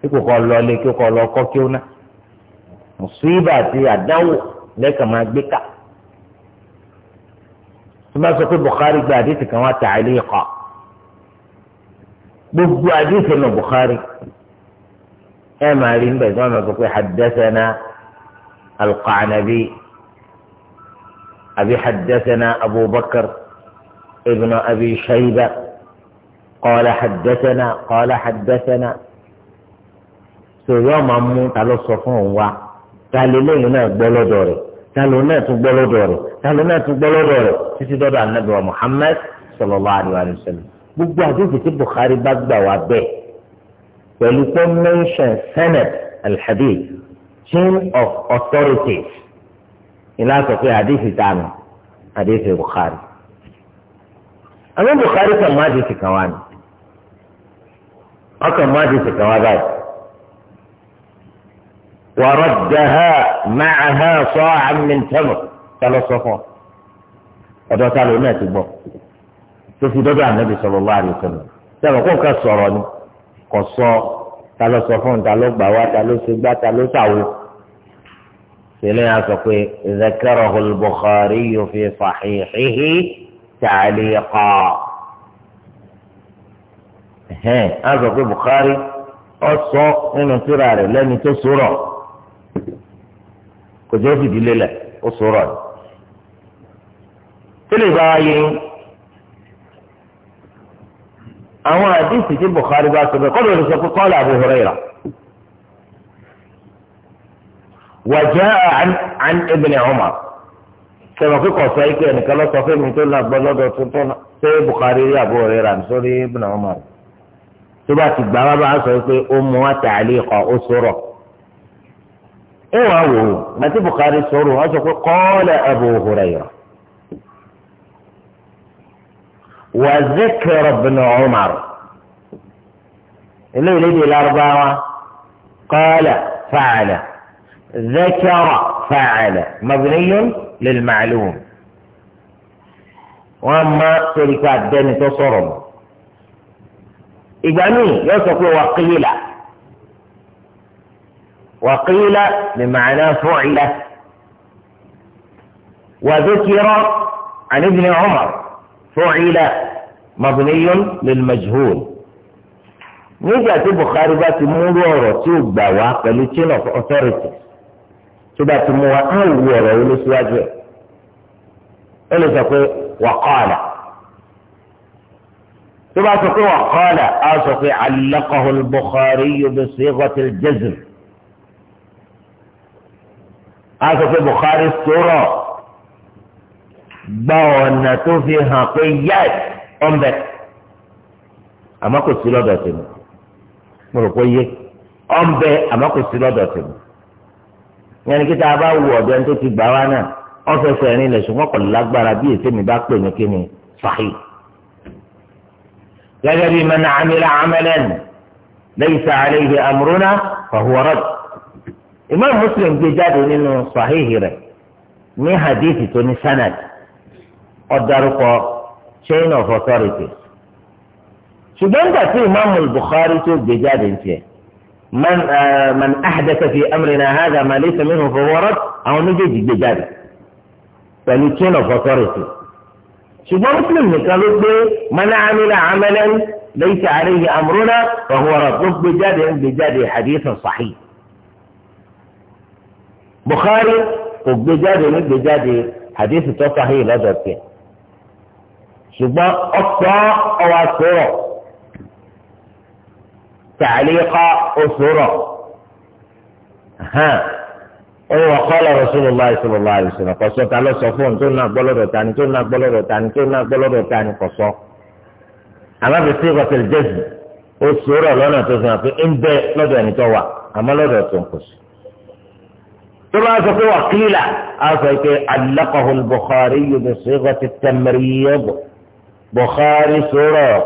A: kíkò kọ́ lọ lé kíkò lọ kọ́ kí ó ná mùsùlùmí àti àdáwò lẹ́kàn máa gbé ká tó bá sọ pé Bukhari gba àdìsí kan wá ta'liqa gbogbo àdìsí nù Bukhari ẹ máa rí nígbà tí wọ́n máa sọ pé haddathana al àbí haddathana abubakar Bakr Abi Shayba qala haddathana qala haddathana. tó yọ máa mú ta ló sọ fún òun wa ta ló lóyún náà gbọ́ lọ́dọ̀ rẹ̀ ta ló náà tún gbọ́ lọ́dọ̀ rẹ̀ ta ló náà tún gbọ́ lọ́dọ̀ rẹ̀ títí dọ́dọ̀ anabi wa Muhammad sallallahu alaihi wa sallam gbogbo àdéhùn tí Bukhari bá gbà wá bẹ́ẹ̀ pẹ̀lú pé senate alhadith chain of authorities ìlà sọ pé àdéhùn dànù àdéhùn Bukhari àwọn Bukhari kan má àdéhùn kan wá ni ọkàn má àdéhùn kan báyìí. وردها معها صاعا من تمر قال صفا ọ̀dọ̀ ta ló náà ti gbọ́ tó fi dọdọ ànábì sallallahu alaihi wasallam sẹwọn kó nǹkan sọ̀rọ̀ ni kò sọ ta ló sọ fún ta ló gbà wá ta ló ṣe gbá ta ló ṣàwo sẹlẹ yà sọ pé zakarahu al-Bukhari fi sahihihi ta'liqa ẹhẹn a sọ pé Bukhari ọ sọ nínú tírà rẹ̀ lẹ́ni tó sọ̀rọ̀ kò jẹ́ òfìdí lélẹ̀ ó sọ̀rọ̀ ni.
B: tí lè bá wa yé yín
A: àwọn àdìsí tí Bukhari bá sọ bẹ́ẹ̀ kọ́ ló lè sọ pé kọ́ làbò Huraira. وجاء عن عن ابن عمر كما في قصة يعني كلا صفي من كل بلد وتطلع في بخاري أبو هريرة سوري ابن عمر تبقى تبقى بقى صفي أم وتعليق أسرة ايه هو هو ما تبقى قاري صوره قال ابو هريرة وذكر ابن عمر اللي يلدي الاربعة قال فعل ذكر فعل مبني للمعلوم واما تركات بين تصرم اقامي يوسف وقيل وقيل بمعنى فعل وذكر عن ابن عمر فعل مبني للمجهول نجات البخاري ذات مولور تيوب باوا قالوا تشين اوف اوثوريتي تبا تموا اول ولسواجه وقال تبا تقول وقال اصفي آه علقه البخاري بصيغه الجزم a sọ pé Bukhari sọ̀rọ̀ gba ọ̀nà tó fi hàn pé yáì ọ̀nbẹ àmọ́ kò sí lọ́dọ̀ tèmi mo rò pé yé ọ̀nbẹ àmọ́ kò sí lọ́dọ̀ tèmi yẹn ni kí tá a bá wù ọ̀dọ̀ tó ti gbà wá náà ọ̀fẹ́fẹ́ ẹ̀rin lẹ̀ ṣùgbọ́n kò lágbára bí ètè mi bá pè ní kíni sahih. gẹ́gẹ́ bí man amila amalan laysa alayhi amruna fahuwa radd. imam muslim gbé jáde nínú sahihi rẹ̀ ní hadith tó ní sanad ọ̀darúkọ chain of authority ṣùgbọ́n nígbà tí imam bukhari tó gbé jáde nìyẹn man man ahdatha fi amrina hadha ma laysa minhu fa huwa rad àwọn méjèèjì gbé jáde pẹ̀lú chain of authority ṣùgbọ́n muslim nìkan ló gbé man amila amalan laysa alayhi amruna fa huwa rad ló gbé jáde ń gbé jáde hadith sahihi. Bukhari kò gbé jáde ní gbé jáde àdéhùn tó sahih lọ́dọ̀ tiẹ̀ ṣùgbọ́n ọ̀pọ̀ ọwà sọ̀rọ̀ tàlíkà òṣòrọ̀ wọ́n wọ́n kọ́lọ̀ Rasulullah sallallahu alaihi wasallam kọ́sọ́ ta lọ sọ fóun tó ná gbọ́lọ́dọ̀ tani tó ná gbọ́lọ́dọ̀ tani tó ná gbọ́lọ́dọ̀ tani kọ́sọ́ alábẹ̀sẹ̀ ìkọ̀sẹ̀ jẹ́sì òṣòrọ̀ lọ́nà tó fi hàn pé ń bẹ lọ́dọ̀ ẹni tó wà àmọ́ lọ́dọ̀ tó ń kọ́sọ́ tó bá sọ pé wàkìlà á sọ pé alákọ̀ọ́ Bukhari yorùbá sọ́kọ̀ ti tẹ̀mẹ̀rì yọ̀bọ̀ Bukhari sọ̀rọ̀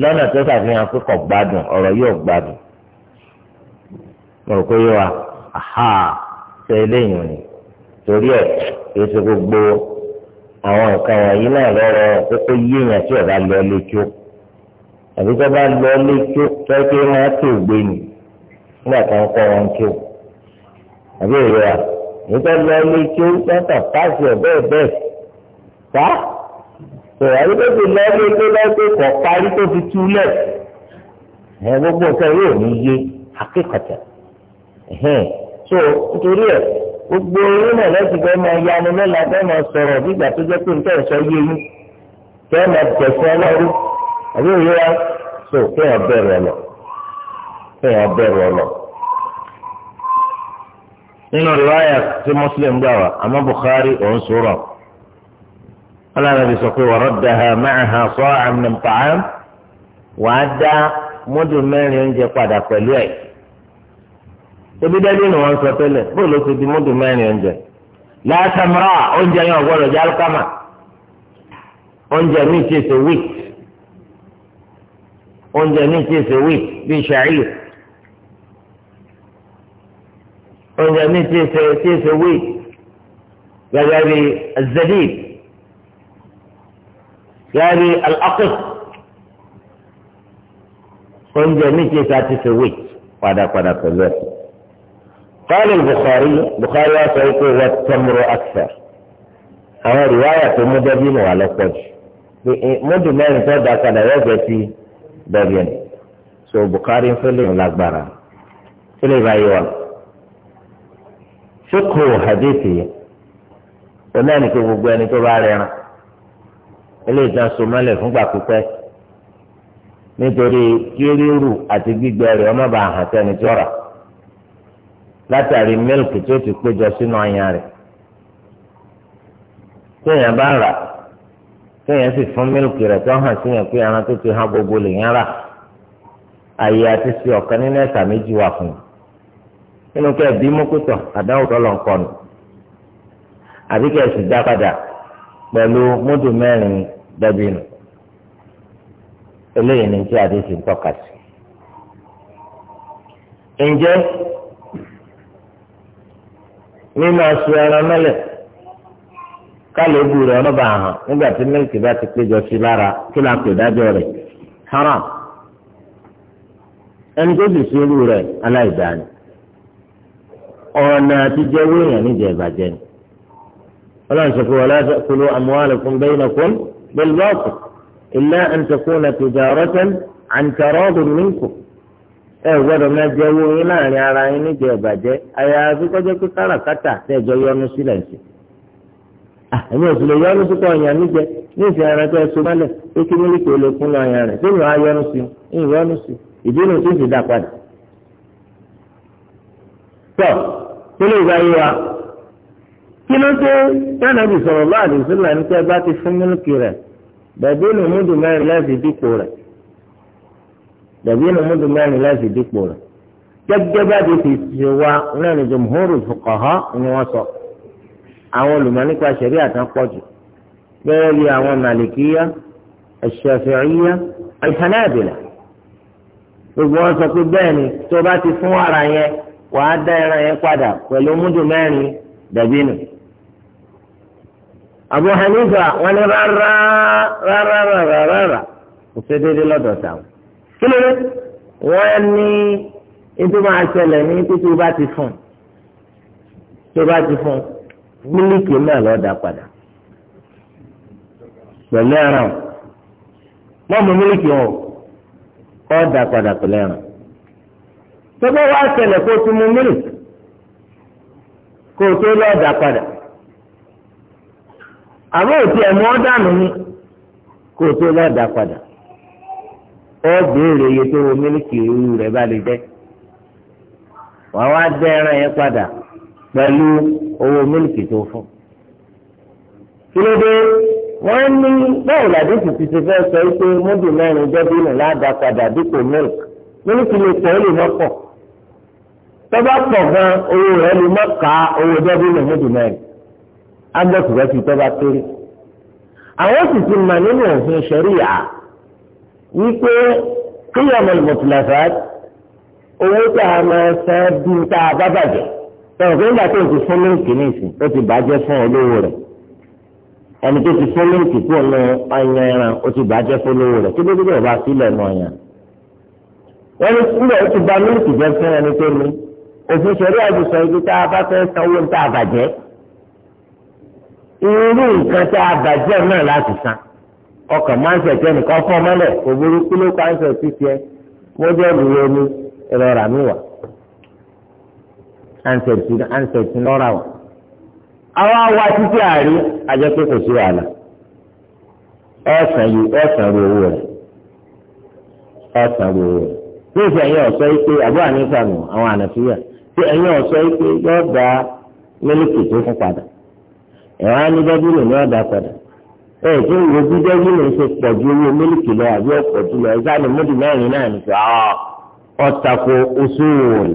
A: lọ́nà tó sàfihàn pé kò gbádùn ọ̀rọ̀ yóò gbádùn mọ̀rọ̀ pé yóò wá aha ṣe eléyìí ni torí ẹ̀ kì í ṣe gbogbo àwọn nǹkan wọ̀nyí náà lọ́rọ̀ kókó yíyan tí ọ̀gá lọ létí àbí tó bá lọ létí tọ́jú máa tó gbé ni nígbà tó ń kọ́ wọn tó àbí èrè nígbà lọ ilé kí ó sọ́tà páàsì ọ̀bẹ́ ọ̀bẹ́ fa tó àyíkóso lọ ilé tó lọ́gbẹ́ kọ̀ parí tó fi túlẹ̀ ẹ gbogbo nǹkan yóò ní yé akẹ́kọ̀tà so nítorí ẹ gbogbo orí náà lẹ́sìn fẹ́ máa yanu lọ́la fẹ́ máa sọ̀rọ̀ nígbà tó jẹ́ pé nǹkan ẹ̀sọ́ yé yín fẹ́ máa tẹ̀sán ọlọ́rú àbí òye wa so fẹ́ hàn bẹ̀rù ọ̀nà fẹ́ hàn nínú riwaya tí muslim gbà wá àmọ́ bukhari òun sọ̀rọ̀ ọlọ́run ti sọ pé wọ́n rọ́dà ha máa ha sọ àmì pààm wàá dá mọ́dù mẹ́rin oúnjẹ padà pẹ̀lú ẹ̀ ebi dẹ́bí ni wọ́n sọ tẹ́lẹ̀ bóòlù ló ti di mọ́dù mẹ́rin oúnjẹ látàmúrà oúnjẹ yẹn ọ̀gbọ́dọ̀ jẹ́ ti ṣe wíìkì oúnjẹ míì ti ṣe wíìkì bíi ṣàìyè. oúnjẹ mi tí ṣe tí ṣe wí gẹ́gẹ́ bí azadid gẹ́gẹ́ bí alaqif oúnjẹ mi tí ṣe àti ṣe wí padàpadà pẹ̀lú ẹ̀. قال البخاري بخاري وصحيح والتمر أكثر àwọn ìwáyà tó mú dẹ́bìnì wà lọ́pọ̀ jù mọ́tò mẹ́rin tó da padà yóò jẹ́ sí dẹ́bìnì so Bukhari ń fẹ́lẹ̀ lágbára fẹ́lẹ̀ báyìí wà. ṣókò hadithi yẹn oní ẹnìkan gbogbo ẹni tó bá rẹran eléyìí tán so mọ́lẹ̀ fúngbà pípẹ́ nítorí kírírù àti gbígbẹ rẹ̀ ọmọ bá hàn tẹni tí látàrí mílìkì tó ti péjọ sínú ọyàn rẹ̀ téèyàn bá rà téèyàn sì fún mílìkì rẹ̀ tó hàn síyàn pé ẹran tó ti hàn gbogbo rà àyè àti sí nínú méjì wà nínú kẹ́ bí mọ́kútọ̀ àdáwò tọ́lọ̀ ń àbí kẹ́ sì dá padà pẹ̀lú múdù mẹ́rin dàbínù eléyìí ni tí adé sì ń tọ́ka sí. ǹjẹ́ nínú aṣọ ẹran mẹ́lẹ̀ kálíbù rẹ̀ ọ̀nà bá hàn nígbà haram ẹni tó sì sí irú rẹ̀ aláìdáni. ọ̀nà àtijọ́ wéèyàn níjẹ̀ ìbàjẹ́ ni ọlọ́run sọ pé wala ta'kulu amwalakum baynakum bil batil illa an takuna tijaratan an taradin minkum ẹ gbọ́dọ̀ máa jẹ owó yín láàrin ara yín níjẹ̀ ìbàjẹ́ àyàfi kọjá pé káràkátà tẹ́jọ yọnu sílẹ̀ sí àmì ah, òsèlè yọnu síkọ̀ ọ̀yàn níjẹ ní ìsìn ara tó ẹsọ mọ́lẹ̀ pé kí mílíkì ó lè kún ọ̀yàn rẹ̀ tó yàn yọnu sí ìyọnu sí ìdí inú tó sì dá padà. tẹ́lẹ̀ ìgbà yìí wa kí ló dé tánàbì sọ̀rọ̀ bá ní tẹ́ bá ti fún mílíkì rẹ̀ dàbí nù múdù mẹ́rin láti dípò rẹ̀ dàbí nù múdù mẹ́rin láti dípò rẹ̀ gẹ́gẹ́ bá ti fi ṣe wa lẹ́nu jumhurul fuqaha ni wọ́n sọ àwọn olùmọ̀ nípa ṣẹ̀rí àtàn pọ̀ jù bẹ́ẹ̀ àwọn màlìkíyà gbogbo wọn sọ pé bẹ́ẹ̀ ni tó bá wàá dá ẹran yẹn padà pẹ̀lú múdù mẹ́rin dàbí nù. Abu Hanifa wọn ni rárá rárá rárá rárá kò sí déédéé lọ́dọ̀ táwọn. kí ló dé wọ́n ní ètò máa ṣẹlẹ̀ ní títí bá ti fún tó bá ti fún mílíkì náà dá padà pẹ̀lú ẹran mílíkì wọn kọ́ dá padà pẹ̀lú
B: tọ́gbọ́ wá ṣẹlẹ̀ kó o ti mu mílì
A: kó o tó lọ dà padà àmọ́ òtí ẹ̀mú ọ̀dànù ni kó o tó lọ dà padà ó béèrè iye tó wo mílìkì irú rẹ̀ bá lè jẹ́ wàá wá dẹ́ ẹran yẹn padà pẹ̀lú owó mílìkì tó fún kí ló dé wọ́n ní báwo làdínkù ti fẹ́ sọ pé mọ́dù mẹ́rin jẹ́ bínú ládàá padà dípò mílìkì mílìkì lè pọ̀ ó lè mọ́pọ̀ tọ́ba pọ̀ gan owó rẹ̀ lè má ka owó dẹ́bí lè mọ́tò mẹ́rin ágbẹ́sì rẹ̀ ti tọ́ba kéré. àwọn sì ti mà nínú òfin ṣẹ̀ríyà wípé kíyàmọ̀ ìmọ̀tìlẹ̀fẹ́ owó tá a máa san bí tá a bá bàjẹ́ tọ́wọ́ pé nígbà tó ń ti fún mílíkì ní ìsìn ó ti bàjẹ́ fún olówó rẹ̀ ẹni tó ti fún mílíkì kúrò ní ọyàn ẹran ó ti bàjẹ́ fún olówó rẹ̀ kí ló dé bá sílẹ̀ ọyàn. wọ́n ní sílẹ̀ ó ti ba mílíkì jẹ́ fún ẹni tó ní òfin ṣẹlẹ̀ àjùsọ ibi tá a bá fẹ́ sanwó tá a bàjẹ́ irú nǹkan tá a bàjẹ́ náà láti san ọkàn máa ń ṣẹ̀tẹ́ nìkan fún ọmọ náà kò burú ló kàn ṣe sí tiẹ̀ wọ́n jẹ́ ìrọ̀rà mi wà lọ́ra wà. títí àárí ajẹ́ pé kò sí wàhálà yìí ru owó rẹ̀ ru tí ẹ̀yin ọ̀sọ́ yìí pé yóò dá mílíkì tó fún padà ẹ̀wọ̀n á ní dẹ́bìlì ní ọ̀dà padà ẹ̀ tí ìwé bí dẹ́bìlì ń ṣe pọ̀ ju owó mílíkì lọ àbí ọ̀pọ̀ jù lọ ẹ̀dá ni múdì mẹ́rin náà ní sọ ọ̀tàkù usul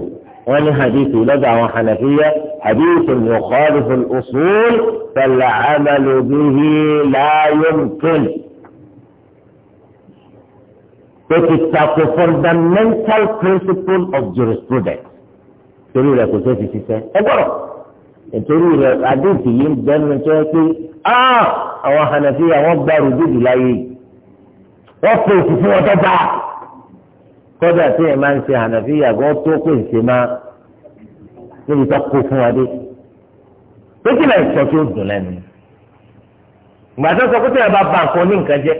A: wọn ní hadith lọ́dọ̀ àwọn hanafi hànàfíyà hadith mukhalifu usul fala amalu bihi la yumkin It is a fundamental principle of jurisprudence. torí rẹ̀ kò sófin ṣiṣẹ́ ẹ gbọ́dọ̀ nítorí rẹ̀ àdéhùn yìí ń bẹ́nu tó yẹ pé àwọn hànàfi àwọn gbàrú dúdú láyé wọ́n pè sí fún ọjọ́ bá kọ́dà tí ẹ̀ máa ń ṣe hànàfi àgọ́ tó pè ṣe máa níbi tó kó fún wa dé pé kí lẹ́yìn sọ tó dùn lẹ́nu gbàtọ́ sọ pé tí bá nǹkan ní nǹkan jẹ́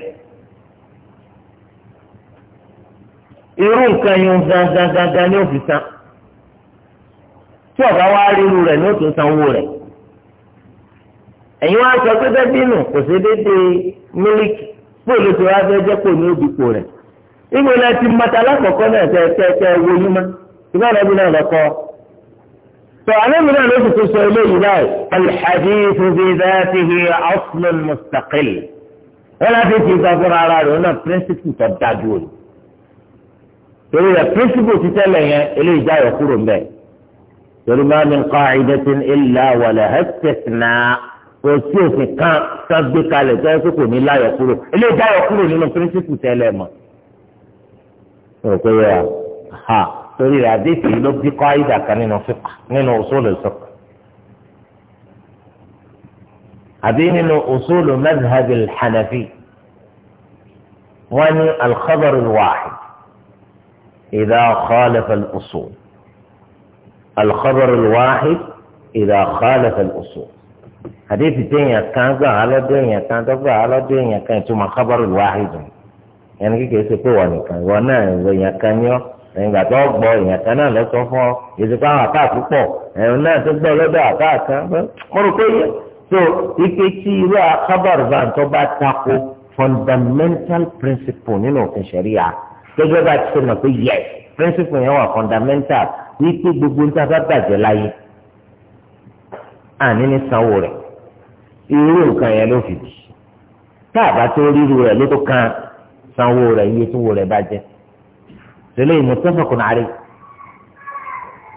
A: irú nǹkan yẹn gangan gangan ni ó fi san tí ọba wa ríru rẹ̀ ní òtún sanwó rẹ̀ ẹ̀yin wá sọ pé bẹ́ẹ̀ bínú kò sí déédéé mílíkì bóòlù tó wá fẹ́ jẹ́ kò ní òdìpọ̀ rẹ̀ ìgbò náà ti mọta alákọ̀ọ́kọ́ náà tẹ tẹ tẹ wo yín mọ́ ìgbà náà bí náà lọ́kọ́ tọ́ alẹ́mi náà ló tuntun sọ eléyìí báyìí alḥadíìsì fi dáàtìhì ọ̀sùnmùn mùsàkìl wọn láti fi ìgbà fúnra ara rẹ̀ náà píríncípù tó dájú o torí rẹ̀ píríncípù ti tẹ́lẹ̀ yẹn eléyìí já kúrò mbẹ́ẹ̀. يقول ما من قاعدة إلا ولها استثناء وسوف كان تصدق على ذلك ومن لا يقوله إلا دا يقوله لما فرنسيس متعلمة وقال يا ها تقول لي هذه في لبدي قاعدة كان ننفق من أصول الفقه هذه من أصول مذهب الحنفي وان الخبر الواحد إذا خالف الأصول الخبر الواحد إذا خالف الأصول حديث تين كان على دين كان على دين كان ثم خبر الواحد يعني كي يسكت وانا وانا وين كان يو nígbà tó gbọ́ èèyàn kan náà lọ sọ fún ọ ìsìnkú àwọn àtà púpọ̀ ẹ̀rùn náà tó gbọ́ lọ́dọ̀ so ike tí لا خبر bá ń tọ́ fundamental principle nínú òfin تجربة gẹ́gẹ́ bá yes principle yẹn fundamental wípé gbogbo níta bá bàjẹ́ láyé àní ní sanwó rẹ̀ irú nǹkan yẹn ló fi dì tá a bá tó ríru rẹ̀ ló tó kan sanwó rẹ̀ iye tó wò rẹ̀ bá jẹ́ tẹ́lẹ̀ muttafaqun alayh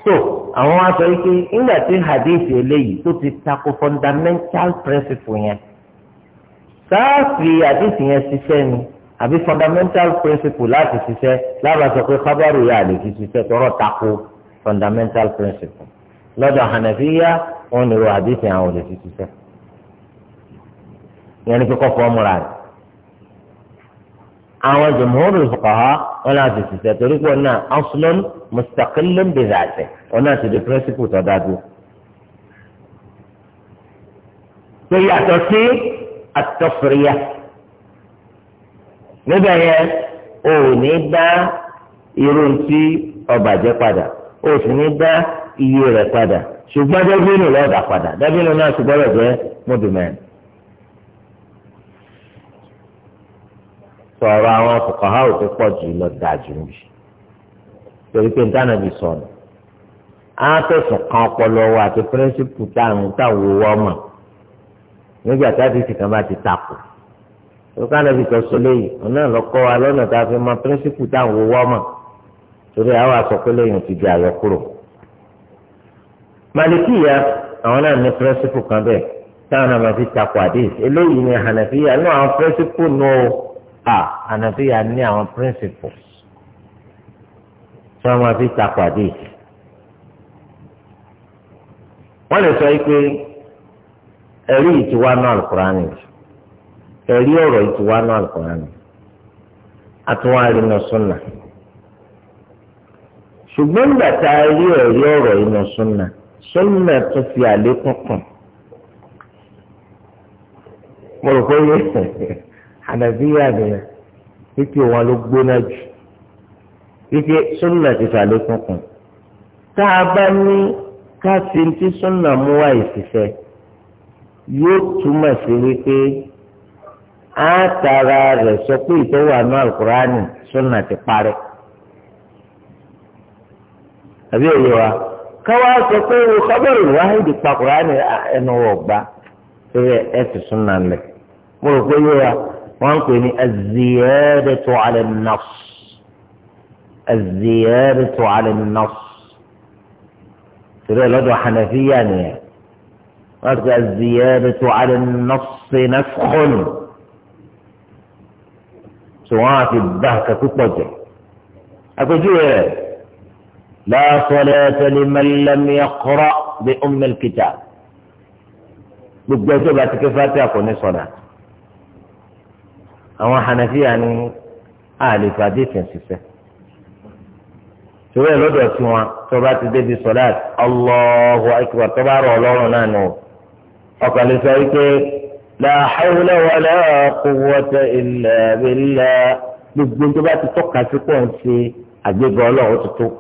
A: so àwọn wa sọ wípé nígbà tí hadith eléyìí tó ti tako fundamental principle yẹn sáàfì hadith yẹn ṣiṣẹ́ ni àbí fundamental principle láti ṣiṣẹ́ lábàá sọ pé kábàrò yà lè fi ṣiṣẹ́ tọrọ tako fundamental principle lọ́dọ̀ hànàfíyà wọn ni ro àdìsí àwọn olè ti ṣiṣẹ́ yẹn ni kíkọ́ fọ́ọ̀mùrà rẹ̀ àwọn jùmọ̀ọ́rù fuqaha wọn láti ṣiṣẹ́ torí pé ọ̀nà aslun mustaqillun bi dhatihi ọ̀nà àti the principle tó dájú.
B: tó yàtọ̀ sí
A: àtọ̀fẹ̀rẹ̀yà níbẹ̀ yẹn ò ní dá irun tí ọbàjẹ́ padà o sì ní dá iye rẹ̀ padà ṣùgbọ́n dẹ́bínú lọ́ọ̀dà padà dẹ́bínú náà ti gbọ́dọ̀ jẹ́ mọ́dùmẹ́rin. sọ̀rọ̀ àwọn fòkànhá òkú pọ̀ jù lọ dáa jù níbi torí pé nǹkan bí sọ̀rọ̀ á tẹ̀sùn kan ọpọlọ wa àti píríncípù táwọn táwọn owó ọmọ nígbà táàbí ìsìnkàn bá ti takò nǹkan náà bí sọ sọ léyìí òun náà wa lọ́nà tá a fi mọ píríncípù táwọn owó ọmọ torí àwọn àsọpẹ́ lẹ́yìn ti di àyọkúrò. màlìkíyà àwọn náà ní pírẹ́sìpù kan bẹ́ẹ̀ táwọn náà máa fi takò àdéhìí eléyìí ni hànàfíyà ní àwọn pírẹ́sìpù nù ó à hànàfíyà ní àwọn pírẹ́sìpù tí wọ́n máa fi takò àdéhìí. wọ́n lè sọ pé ẹ̀rí ìtiwá náà Al-Kùránì ẹ̀rí ọ̀rọ̀ ìtiwá náà Al-Kùránì àtúwárí náà Sunnah ṣùgbọ́n nígbà tá a rí ẹ̀rí ọ̀rọ̀ inú súnà súnà tún fi àlékún kàn mo rò pé yé ànàbíyà nìyẹn wípé wọn ló gbóná jù wípé súnà ti fi àlékún kàn tá a bá ní ká fi súnà mú wá ìsìfẹ́ yóò túmọ̀ sí wípé á rẹ̀ sọ pé ìtọ́wò àná àlùkùránì súnà ti parẹ́. àbí òye wa káwá sọ pé o kọ́bẹ̀rù wáhídì pakùrá ni ẹnu wọ̀ gbá torí ẹ ti sún náà lẹ̀
B: mo rò pé yóò wa
A: wọ́n ń pè ní ale ala an-nass az-ziyadatu ala an-nass torí ẹ lọ́dọ̀ hànàfíyà nìyẹn wọ́n ti pè az-ziyadatu ala an-nass naskhun tí wọ́n á fi bá kẹ́kọ̀ọ́ pọ̀ jẹ́ àpèjúwe rẹ̀. لا صلاة لمن لم يقرأ بأم الكتاب gbogbo ẹjọ́ bá ti ké fatia kò ní sọ̀dà àwọn hanafiya ni àlefàdé fẹ̀sífẹ́ torí ẹ lọ́dọ̀ sí wọn tó bá ti débi sọ̀dà Allahu akbar tó bá rọ̀ ọlọ́run náà nù ọkàn lè sọ wípé la hawla wala quwwata illa billah gbogbo tó bá ti tọ́ka sí pọ̀ ń ṣe àgbégbá ọlọ́run tuntun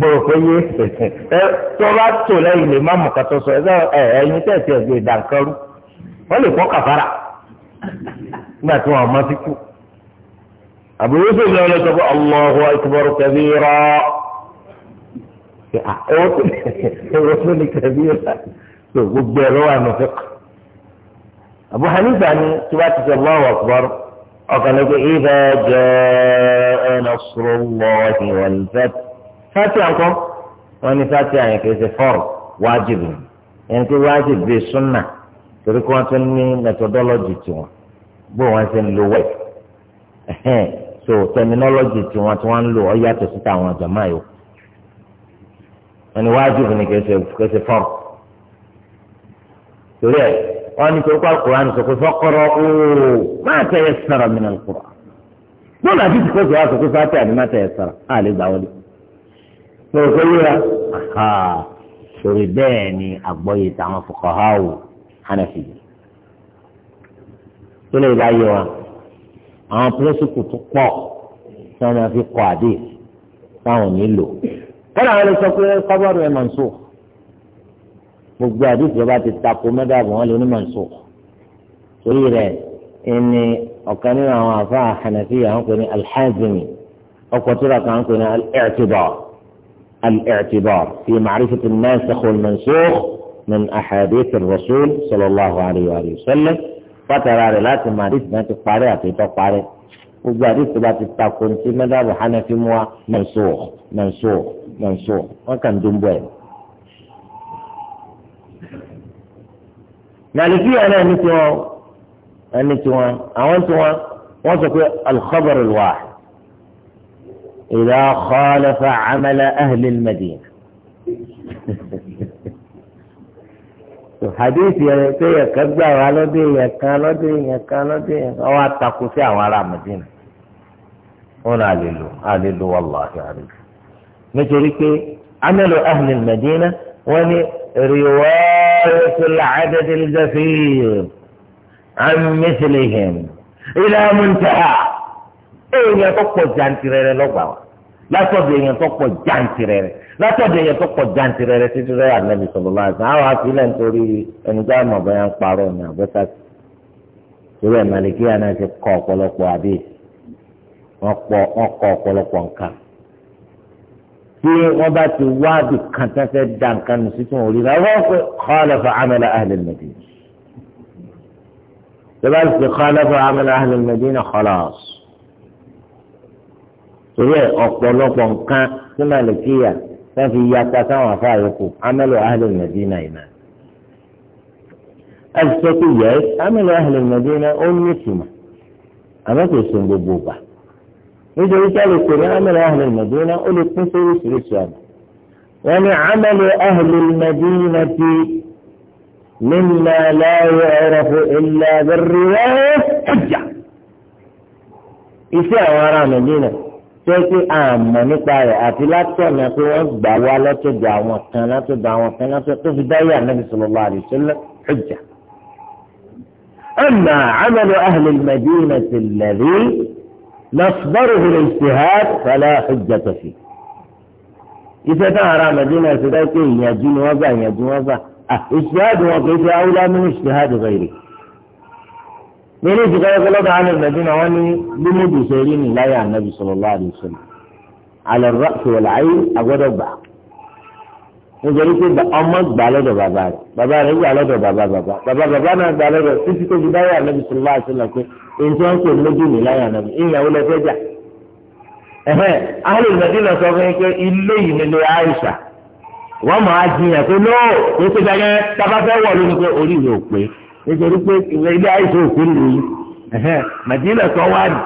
A: bọ̀rọ̀ pé yé ẹ tó bá tò lẹ́yìn lè má mọ̀ ká tó sọ ẹ ẹyin tẹ̀ tẹ̀ gbé dànkarú wọ́n lè kọ́ kàfàrà nígbà tí wọ́n mọ́ sí kú. àbúrò sì lọ lọ sọ pé Allahu akbar kabira owó tó ní kabira tó gbogbo ẹ̀rọ wà nù fẹ́. Abu Hanifa ni tí wàá ti sọ Allahu akbar ọkàn lẹ́gbẹ̀ẹ́ idha jaa nasrullahi fati àǹkọ́ wọn ní fati àyàn kì í ṣe fọ́ọ̀rù wájibù ẹni pé wájibù bíi súnà torí kí wọ́n tún ní methodology tiwọn bó wọ́n ṣe ń lo wẹ̀ so terminology tiwọn tí wọ́n ń lò ọ yàtọ̀ síta àwọn àjàmá yòó wọn ní wájibù ni kì í ṣe kì í ṣe fọ́ọ̀rù torí ẹ wọn ní torí kó alukur'an sọ pé fọkọrọ ooo máa tẹ̀yẹ sára mi nà alukur'an bóòlù àti tìkọ́sì wa sọ pé fati àti máa tẹ̀yẹ sára àlè gbà wọlé ló ń sọ́yìn rà sórí bẹ́ẹ̀ ni àgbọ́yé táwọn fuqahau hànàfi tó lè bá yẹ wa àwọn pírẹ́sìpù tó pọ̀ tí wọ́n máa fi kọ́ àdé táwọn nílò kọ́nà àwọn lè sọ pé kọ́bọ́ọ̀rù ẹ̀ mansukh gbogbo àdìsí ọba ti tako mẹ́tàbọ̀ wọn lè ní torí rẹ̀ ẹni ọ̀kan nínú àwọn àfa Hanafi àwọn pè ní al ọkọ̀ tó rà kàn pè ní al الاعتبار في معرفة الناسخ والمنسوخ من أحاديث الرسول صلى الله عليه وآله وسلم فترى رلات معرفة ما تقارئ في تقارئ وبعرفة لا تتقون في مدى وحنا في موى منسوخ منسوخ منسوخ وكان دنبوين مالكي أنا نتوى أنا نتوى أولتوى وصفه الخبر الواحد إذا خالف عمل أهل المدينة الحديث يا يا والدي يا كالدي يا كالدي أو التقوسي أو على مدينة هنا عليلو عليلو والله عليك مثلك عمل أهل المدينة وني رواية العدد الكثير عن مثلهم إلى منتهى èèyàn tó pọ̀ jantirẹrẹ lọ́gbà wa látọ̀dọ̀ èèyàn tó pọ̀ jantirẹrẹ látọ̀dọ̀ èèyàn tó pọ̀ jantirẹrẹ títí rẹ ànábì sọ̀rọ̀ láti àwọn àfilẹ̀ nítorí ẹni tá a mọ̀ bóyá ń parọ́ ní àbẹ́sà torí ẹ̀ màlìkí àná ti kọ́ ọ̀pọ̀lọpọ̀ àbí wọ́n kọ́ ọ̀pọ̀lọpọ̀ nǹkan tí wọ́n bá ti wá bí kan tó nǹkan nù sí tí wọ́n rí rà wọ́n fẹ́ khalafa amala ahlil madina ti khalafa amala ahlil madina khalas. torí ọ̀pọ̀lọpọ̀ nǹkan tí màlìkíyà wọ́n fi yapa sáwọn afá ku amẹ́lò ahlẹ̀ mẹ́dínà ìmọ̀ ẹ̀sìtẹ́kù yẹ amẹ́lò ahlẹ̀ mẹ́dínà ó ní ìtumọ̀ àmọ́ kò sùn gbogbo gbà nítorí tí a lè pè ní amẹ́lò ahlẹ̀ mẹ́dínà ó lè pín sí oríṣiríṣi ọ̀nà wọ́n ní amẹ́lò ahlẹ̀ mẹ́dínà ti mímọ láyé ọ̀rọ̀ fún ilẹ̀ abẹ́rẹ́ wọ́n ninu alawo iṣẹ́ pé àmọ́ nípa rẹ̀ àti látọ̀nà pé wọ́n gbà wá látọ̀dọ̀ àwọn kan látọ̀dọ̀ àwọn kan látọ̀dọ̀ tó fi dáyé ànábi sallallahu alaihi wasallam hujja. أما عمل ti المدينة الذي مصدره الاجتهاد فلا حجة فيه. إذا ترى مدينة ذلك يجين وضع يجين وضع اجتهاد وضع أولى من اجتهاد غيره. lórí ìdíkọ́lọ́gbẹ́ lọ́dọ̀ àwọn ìgbàdínà wọn ní lúmúdù sórí ní láyé ànábì sallallahu alaihi wasallam alẹ́ rọ́ọ̀kì ala ayé agbọ́dọ̀ gbà nítorí pé ọmọ gbà lọ́dọ̀ bàbá rẹ̀ bàbá rẹ̀ gbà lọ́dọ̀ bàbá bàbá bàbá bàbá náà gbà lọ́dọ̀ títí tó fi ànábì pé èyí tí wọ́n nítorí pé ìwé ilé àìsàn òkú lè yí màdínà kan wá ní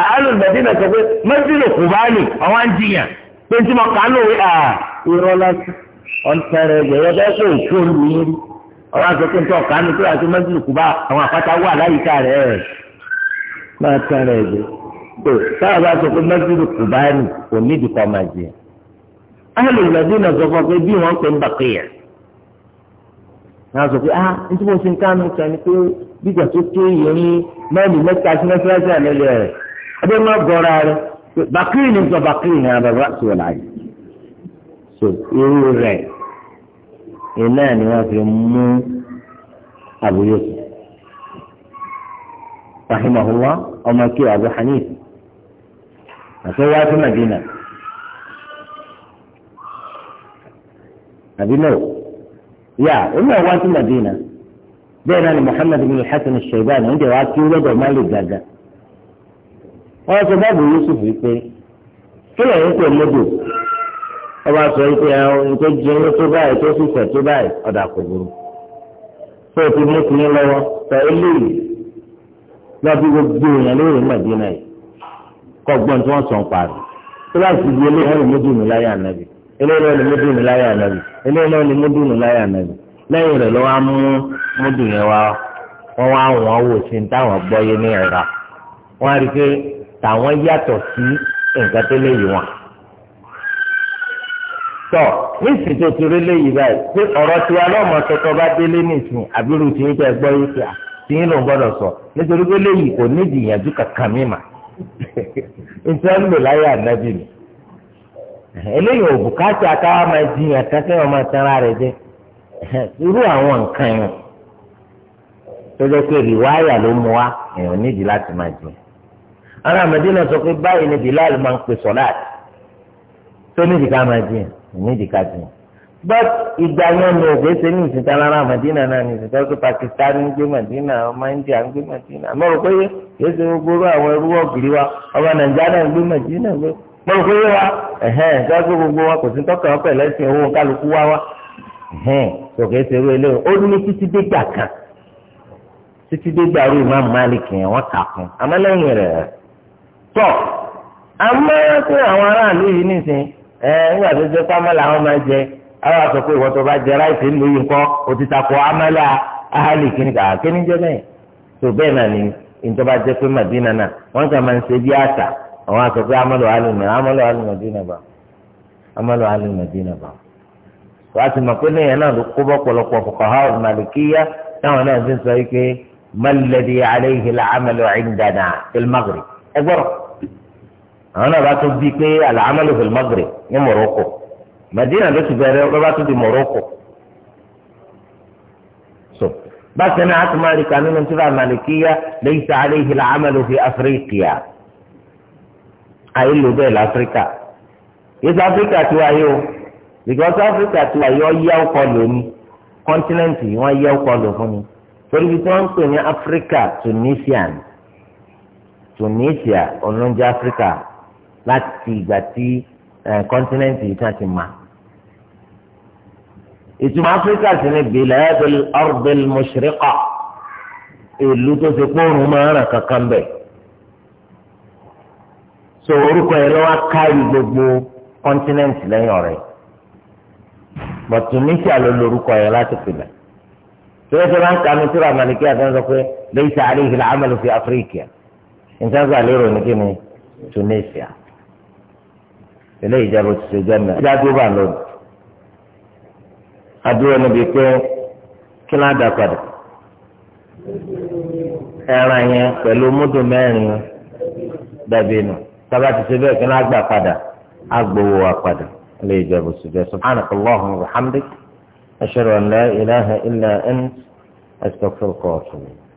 A: àálùn màdínà kan pé mẹ́sìlẹ̀ kò bá lè ọwọ́ ń jiyàn pé tí mo kà á lòwe à irọ́ lásán ọ̀ntẹ̀rẹ̀ ìgbẹ̀yẹ bẹ́ẹ̀ kó òkú lè yí rí ọwọ́ àti pé nítorí ọ̀kà á ní pé àti mẹ́sìlẹ̀ kò bá àwọn àpáta wà láyìíká rẹ̀ máa tẹ̀rẹ̀ ìgbẹ́ tó sáà bá sọ pé mẹ́sìlẹ̀ kò bá ní kò ní ìdìkọ̀ màdínà àálùn màdínà sọ náà pé ah nítorí mo ṣe ń kánú kan ni pé gbígbà tó tó ìrìn mẹ́rin mẹ́ta sí mẹ́sàlásì àlẹ́lẹ́ rẹ̀ ẹgbẹ́ máa gọ́ra rẹ̀ bàkírì ni sọ bàkírì ni àbàbà tó wà láàyè so irú rẹ̀ iná ni wọ́n fi mú àbúrò sí rahimahullah ọmọ kí Abu Hanif àti wá sí Madina àbí يا إما وانت مدينة بين محمد بن الحسن الشيباني عندي واتي ولد ومالي جاجا na sọ báàbù yusuf wípé kí lóyún tó lédò ọba sọ wípé ẹ̀hún tó jẹun tó báyìí tó sì fẹ̀ tó báyìí ọ̀dà kò burú tó o ti mú kínní tí sì di mi eléyìí náà ni múdùnú láyà nàbì lẹ́yìn rẹ̀ ló wá mú múdùn yẹn wá wá wọ́n wò sí ní táwọn gbọ́ yé ní ẹ̀ra wọ́n á rí i pé tàwọn yàtọ̀ sí nǹkan tó léyìí wọn. tọ́ nísìsiyìí tó ti rí léyìí báyìí pé ọ̀rọ̀ tiwa lọ́mọ tuntun bá délé nísìnyí àbúrò tí yín tẹ́ gbọ́ yín sí à tí yín ló ń gbọ́dọ̀ sọ nítorí pé léyìí kò nídìí ìyànjú kankan mímà nítorí lò láyé ànábì mi. eléyìí ò bùkátà káwá máa jiyàn kankan wọn máa tanra jẹ irú àwọn nǹkan yẹn tó jẹ́ pé rìwáyà ló mú wa èèyàn nídìí láti máa ara àmọ̀dínà sọ pé báyìí ni Bilal máa ń pè sọ́láàtì tó nídìí ká máa nídìí ká but ìgbà yẹn ni òkè ṣe ní ìsìnká lára Madina náà ní ìsìnká pé Pakistan ń gbé India ń gbé ṣe gbogbo àwọn ẹrú wa ọmọ Nàìjíríà mo rò pé yé wa ẹ̀hẹ́n gbàgbé gbogbo wa kò sí tọ́ka ọkọ lẹ́sìn owó kálukú wá wa ẹ̀hẹ́n tòkè ṣe eré eléyìí ó ní títí dégbà kan títí dégbà rú ìmáàmù máàlìkì yẹn wọ́n kà fún àwọn aráàlú yìí nìsín nígbà tó àwọn tó bá jẹ yìí àwọn aṣọ pé amọlò alùmọ amọlò alùmọ dínà bá amọlò alùmọ dínà bá wọ́n ti mọ̀ pé ní lẹ́yìn náà ló kó bọ́pọ̀lọpọ̀ fọkànhá màlìkíyà táwọn náà ti ń sọ yìí pé mọlẹbi aleyhi la amọlò ẹnìdàdà e ẹgbọrọ àwọn náà bá to bí pé àlà amọlò filimagiri ní moroko Madina ló ti bẹ̀rẹ̀ ló bá to di moroko so ba seni àtúmọ̀ adika nínú tíra màlìkíyà le sale aleyhi la amọlò fi afirikiya. àyè ló bẹ́ẹ̀ láfíríkà yéésù áfíríkà ti wá yé because Africa ti wá yé ọyá ọkọ lónìí kọ́ńtínẹ́ǹtì wọn yẹ ọkọ lò fún mi torí bí wọ́n ń pè ní áfíríkà tunisia tunisia olóńjẹ áfíríkà láti ìgbà tí kọ́ńtínẹ́ǹtì eh, yìí ti mà ìtumọ̀ áfíríkà sì ni bìlẹ̀ ardil mushriqa ìlú tó ti kóòrùn máa ń ràn kankan bẹ́ẹ̀ so orúkọ yẹn lọ́wọ́ kárí gbogbo continent lẹ́yìn ọ̀rẹ́ but Tunisia ló lórúkọ yẹn láti pìlẹ̀ tóyẹ tó bá ń kanu tíra màlìkí àtẹnudọ pé lẹ́yìn sàárè ìhìlẹ̀ amẹ́lẹ́ fi áfíríkà ìtẹ́sọ̀ àlérò ní kí ni Tunisia eléyìí jẹ́ bó ti ṣe jẹ́ mẹ́rin. ìjà bá lónìí adúlọ́ níbi pé kí ló ń padà ẹran yẹn pẹ̀lú múdù mẹ́rin dàbí nù. tábà ti ṣe bẹ́ẹ̀ kí wọ́n á gbà padà á gbowó wa padà lè jẹ́ bó ṣe jẹ́ subhanaka Allahumma wa hamdik ashhadu an la ilaha illa ant astaghfiruka wa atubu